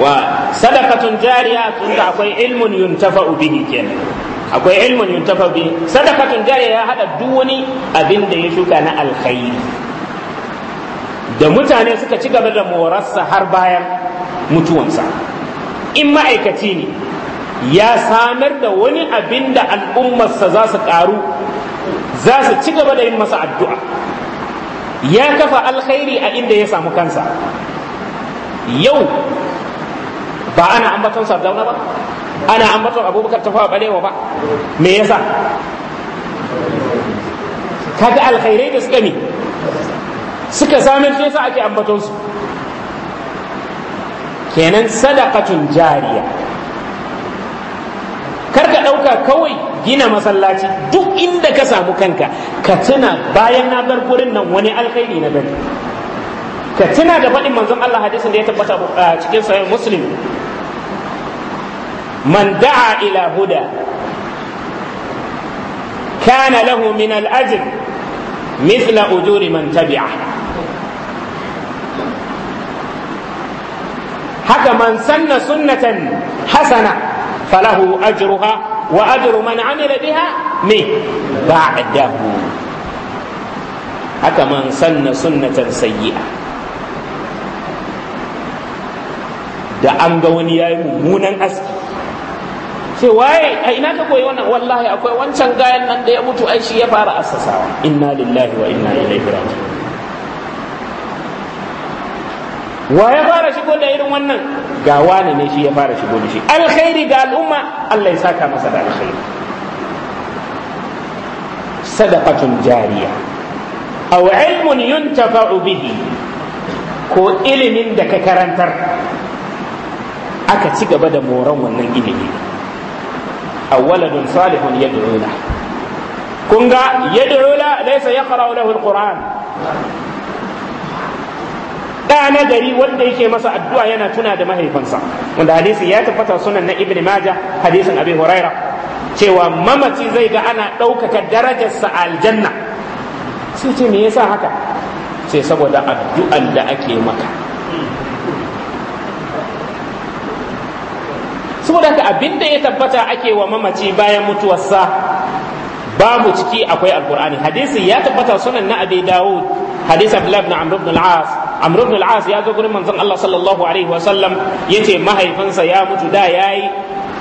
wa sadakatun jariya tun da akwai ilmun yuntafa ubi kenan akwai ilmun yuntafa tafafi. sadakatun jariya ya haɗa duk wani abin da ya shuka na alkhairi da mutane suka ci gaba da morarsa har bayan mutuwansa in ma'aikaci ne ya samar da wani abin da al'ummarsa za su ƙaru, za su ci gaba da yin masa addu'a ya kafa alkhairi a inda ya samu kansa yau ba ana ambaton sardauna ba ana ambaton abubakar tafawa balewa ba me yasa kaga alkhairai da suka ne suka samar sai ake ambaton su kenan sadakatun jariya karka ɗauka kawai gina masallaci duk inda ka samu kanka ka tuna bayan na bar gurin nan wani alkhairi na gani ka tuna da faɗin manzon Allah hadisin da ya tabbata uh, cikin sahih muslim man da'a ila huda kana lahu min al-ajr mithla ujuri tabi'a haka man sanna sunnatan hasana falahu ajruha wa ajru man amila biha min ba'dahu haka man sanna sunnatan sayyi'a da an ga wani yayi mummunan aski ce waye a ina ka koyi wannan wallahi akwai wancan gayan nan da ya mutu ai shi ya fara assasawa inna lillahi wa inna ilaihi raji'un wa ya fara shigo da irin wannan ga wani ne shi ya fara shigo da shi alkhairi ga al'umma Allah ya saka masa da alkhairi sadaqatun jariya aw ilmun yuntafa'u bihi ko ilimin da ka karantar aka ci gaba da moran wannan ilimi aw waladun salihun yad'u la kun ga yad'u la laysa yaqra'u lahu alquran da na gari wanda yake masa addu'a yana tuna da mahaifinsa wanda hadisi ya tabbata sunan na ibn majah hadisin abi huraira cewa mamaci zai ga ana ɗaukaka darajarsa a aljanna sai ce me yasa haka sai saboda addu'an da ake maka saboda haka abinda ya tabbata ake wa mamaci bayan mutuwarsa babu ciki akwai alkur'ani hadisi ya tabbata sunan na abi dawud hadisi abdullahi ibn amr ibn al-as amr ibn al-as ya zo gurin manzon Allah sallallahu alaihi wa sallam yace mahaifinsa ya mutu da yayi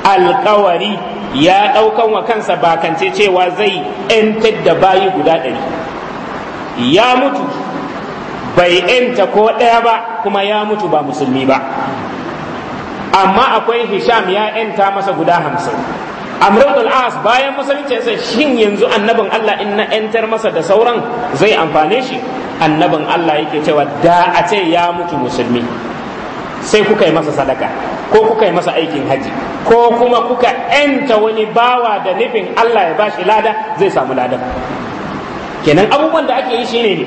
alkawari ya daukan wa kansa bakance cewa zai entar da bayi guda ɗari ya mutu bai yanta ko ɗaya ba kuma ya mutu ba musulmi ba amma akwai hisham ya yanta masa guda hamsin amrul as bayan sai shin yanzu annabin Allah in na yantar masa da sauran zai amfane shi annabin Allah yake cewa da a ce ya mutu musulmi sai kuka yi masa sadaka ko kuka yi masa aikin haji ko kuma kuka yanta wani bawa da nufin Allah ya bashi lada zai samu lada kenan abubuwan da ake yi shine ne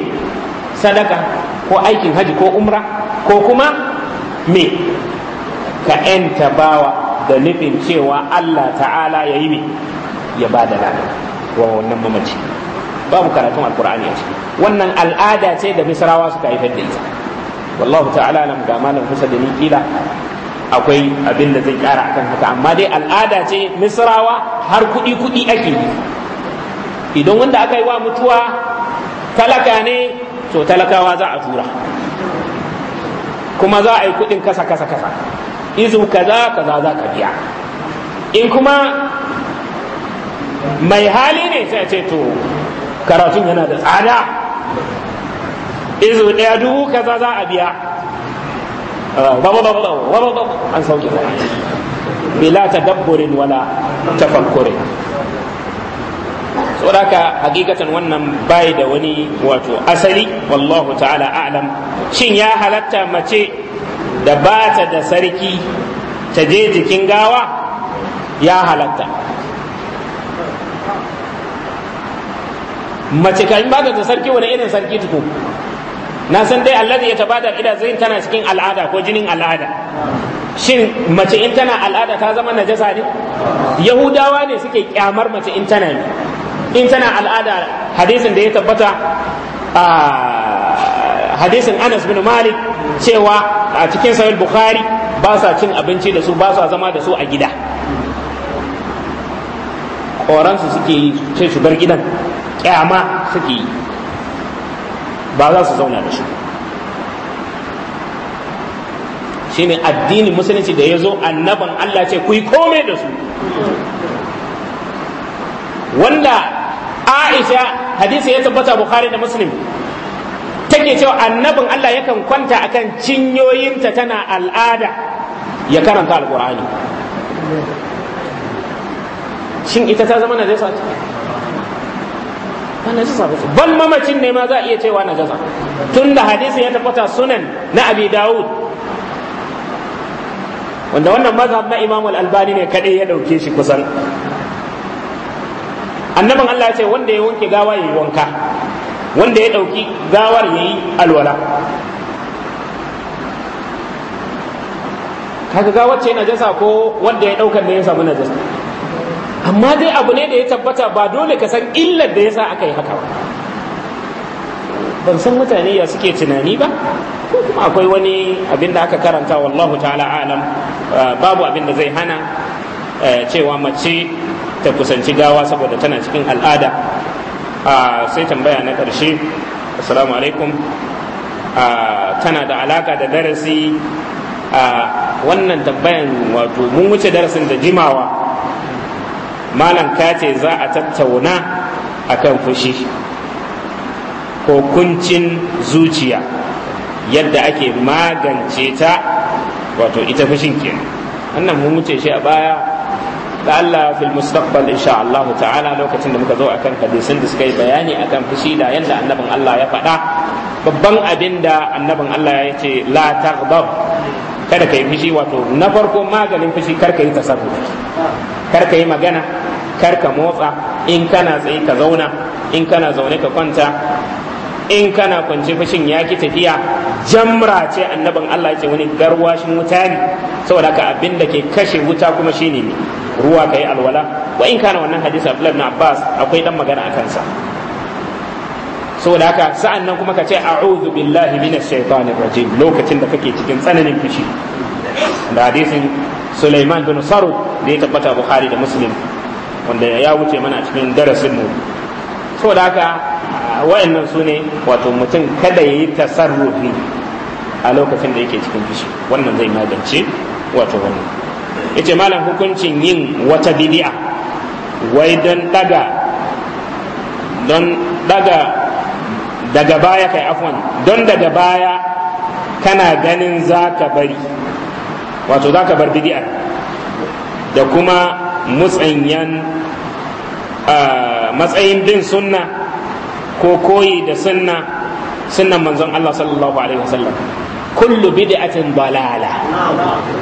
sadaka ko aikin haji ko umra ko kuma me ka ‘yanta bawa da nufin cewa Allah ta'ala ya yi ya ba da lada wa wannan mamaci babu karatun alkur'ani a ciki wannan al'ada ce da misrawa suka haifar da ita wallahu ta'ala nam ga malam kusa da ni kila akwai abin da zai kara akan haka amma dai al'ada ce misrawa har kuɗi kuɗi ake yi idan wanda aka yi wa mutuwa talaka ne to talakawa za a tura kuma za a yi kuɗin kasa kasa kasa izu kaza kaza za ka biya in kuma mai hali ne sai a ce to karatun yana da tsada izu ɗaya dubu kaza za a biya ah, an sauke bila tadabburin wala tafakkurin saboda hakikatan wannan bai da wani wato asali wallahu ta'ala a'lam shin ya halatta mace da ba ta da sarki ta je jikin gawa ya halatta mace kan ba da sarki wani irin sarki tuku na san dai allazi ya tabada ila zain tana cikin al'ada ko jinin al'ada shin mace in tana al'ada ta zama najasa ne yahudawa ne suke kyamar mace in tana ne in tana al'ada hadisin da ya tabbata a ah, hadisin anas bin malik cewa a cikin sahih bukhari ba sa cin abinci da su ba sa zama da su a gida koransu suke yi sai su bar gidan kyama suke yi ba za su zauna da shi shine addinin musulunci da ya zo annaban Allah ce ku yi komai da su wanda Aisha hadisi ya tabbata Bukhari da Muslim take cewa annabin Allah yakan kwanta akan cinyoyinta tana al'ada ya karanta alkur'ani shin ita ta zama najasa ce ba najasa ba ban mamacin ne ma za a iya cewa najasa tun da hadisin ya tabbata sunan na abi dawud wanda wannan mazhab na imam al-albani ne kadai ya dauke shi kusan annabin Allah ya ce wanda ya wanke gawa ya yi wanka wanda ya ɗauki gawar ya yi alwala kaga gawar ce najasa ko wanda ya ɗaukar da ya samu najasa amma dai abu ne da ya tabbata ba dole ka san illar da ya sa aka yi haka ba ban san mutane ya suke tunani ba ko kuma akwai wani abin da aka karanta wallahu ta'ala alam eh, babu abin da zai hana eh, cewa mace ta kusanci gawa saboda tana cikin al'ada a sai tambaya na ƙarshe assalamu alaikum tana da alaka da darasi a wannan tambayan wato mun wuce darasin da jimawa malam ka ce za a tattauna akan fushi ko kuncin zuciya yadda ake magance ta wato ita fushin kenan wannan mun wuce shi a baya da Allah fil mustaqbal insha Allah ta'ala lokacin da muka zo akan hadisin da suka yi bayani akan fushi da yanda annabin Allah ya faɗa babban abin da annabin Allah ya ce la taghdab kada ka fushi wato na farko maganin fushi kar ka yi tasarruf kar ka magana kar ka motsa in kana tsaye ka zauna in kana zaune ka kwanta in kana kwance fushin ya ki tafiya jamra ce annabin Allah ce wani garwashin wuta ne saboda ka abin da ke kashe wuta kuma shine ne ruwa kai alwala wa in kana wannan hadisi Abdullah ibn Abbas akwai dan magana akan sa saboda haka sa'an nan kuma ka ce a'udhu billahi minash shaitanir rajim lokacin da kake cikin tsananin fushi da hadisin Sulaiman bin Saru da ya tabbata Bukhari da Muslim wanda ya wuce mana cikin darasin mu saboda haka wa'annan su ne wato mutum kada ya yi tasarrufi a lokacin da yake cikin fushi wannan zai magance wato wannan yace malam hukuncin yin wata bid'a wai don daga don daga daga baya kai afwan don daga baya kana ganin za ka bari wato za ka bar bid'ar da kuma ah, matsayin bin sunna ko koyi da sunna sunnan manzon Allah sallallahu alaihi wasallam kullu bid'atin dalala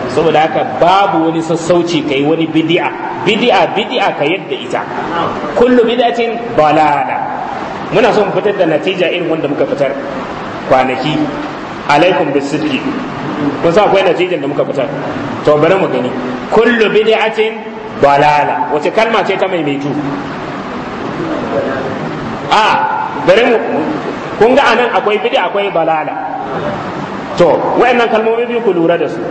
saboda haka babu wani sassauci kai wani bid'a bid'a bid'a ka yadda ita kullu bid'atin dalala muna son fitar da natija irin wanda muka fitar kwanaki alaikum bisiddi kun sa akwai natijan da muka fitar to bari mu gani kullu bid'atin dalala wace kalma ce ta maimaitu a bari mu kun ga anan akwai bidi akwai balala to wayannan kalmomi biyu ku lura da su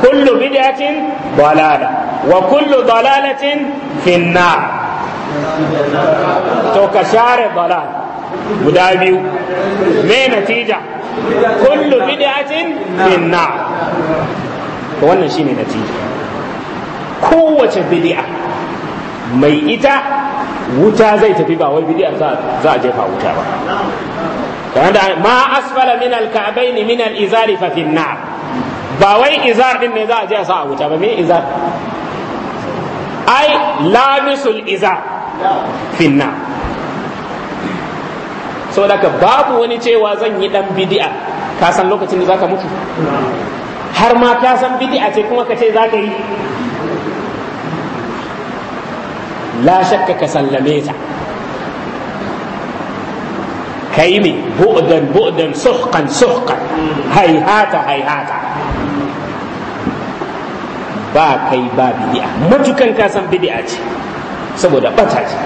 kullu bid'atin balala wa kullu dalalatin finna to ka share balala guda biyu me natija kullu bid'atin finna to wannan shine natija kowace bid'a mai ita wuta zai tafi ba wai bidiyar za a jefa wuta ba wanda ma asfala min alka'bayn min alizari fa fin nar ba wai izar din ne za a je sa a wuta ba me izar ai lamisul izar fin nar saboda babu wani cewa zan yi dan bid'a ka san lokacin da zaka mutu har ma ka san bid'a ce kuma ka ce zaka yi la shakka ka sallame ta kai ne bu'dan bu'dan suhqan suhqan haihata haihata ba kai ba bid'a matukan ka san bid'a ce saboda bata ce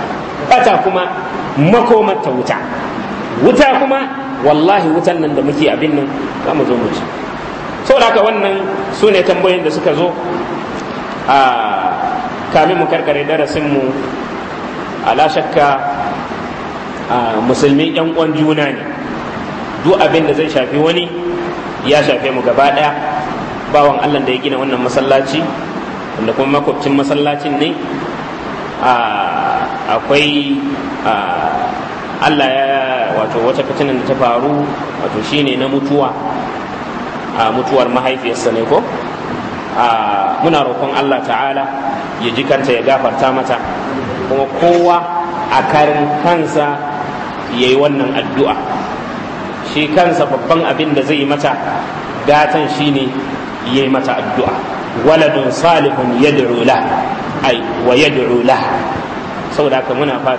bata kuma makomar ta wuta wuta kuma wallahi wutan nan da muke abin nan za mu zo mu saboda haka wannan su ne tambayoyin da suka zo a kamin mu karkare darasin mu ala shakka musulmi yan uwan juna ne duk abin da zai shafi wani ya shafe mu gaba daya bawan Allah da ya gina wannan masallaci wanda kuma makwabcin masallacin ne akwai Allah ya wato wata fitinan da ta faru wato shine na mutuwa a mutuwar mahaifiyarsa ne ko muna roƙon Allah ta'ala ya ji kanta ya gafarta mata kuma kowa a karin kansa ya yi wannan addu'a shi kansa babban abin da zai yi mata gatan ne ya yi mata addu'a waladun salihun yadda rula ai wa yad'u Sau saboda haka muna fata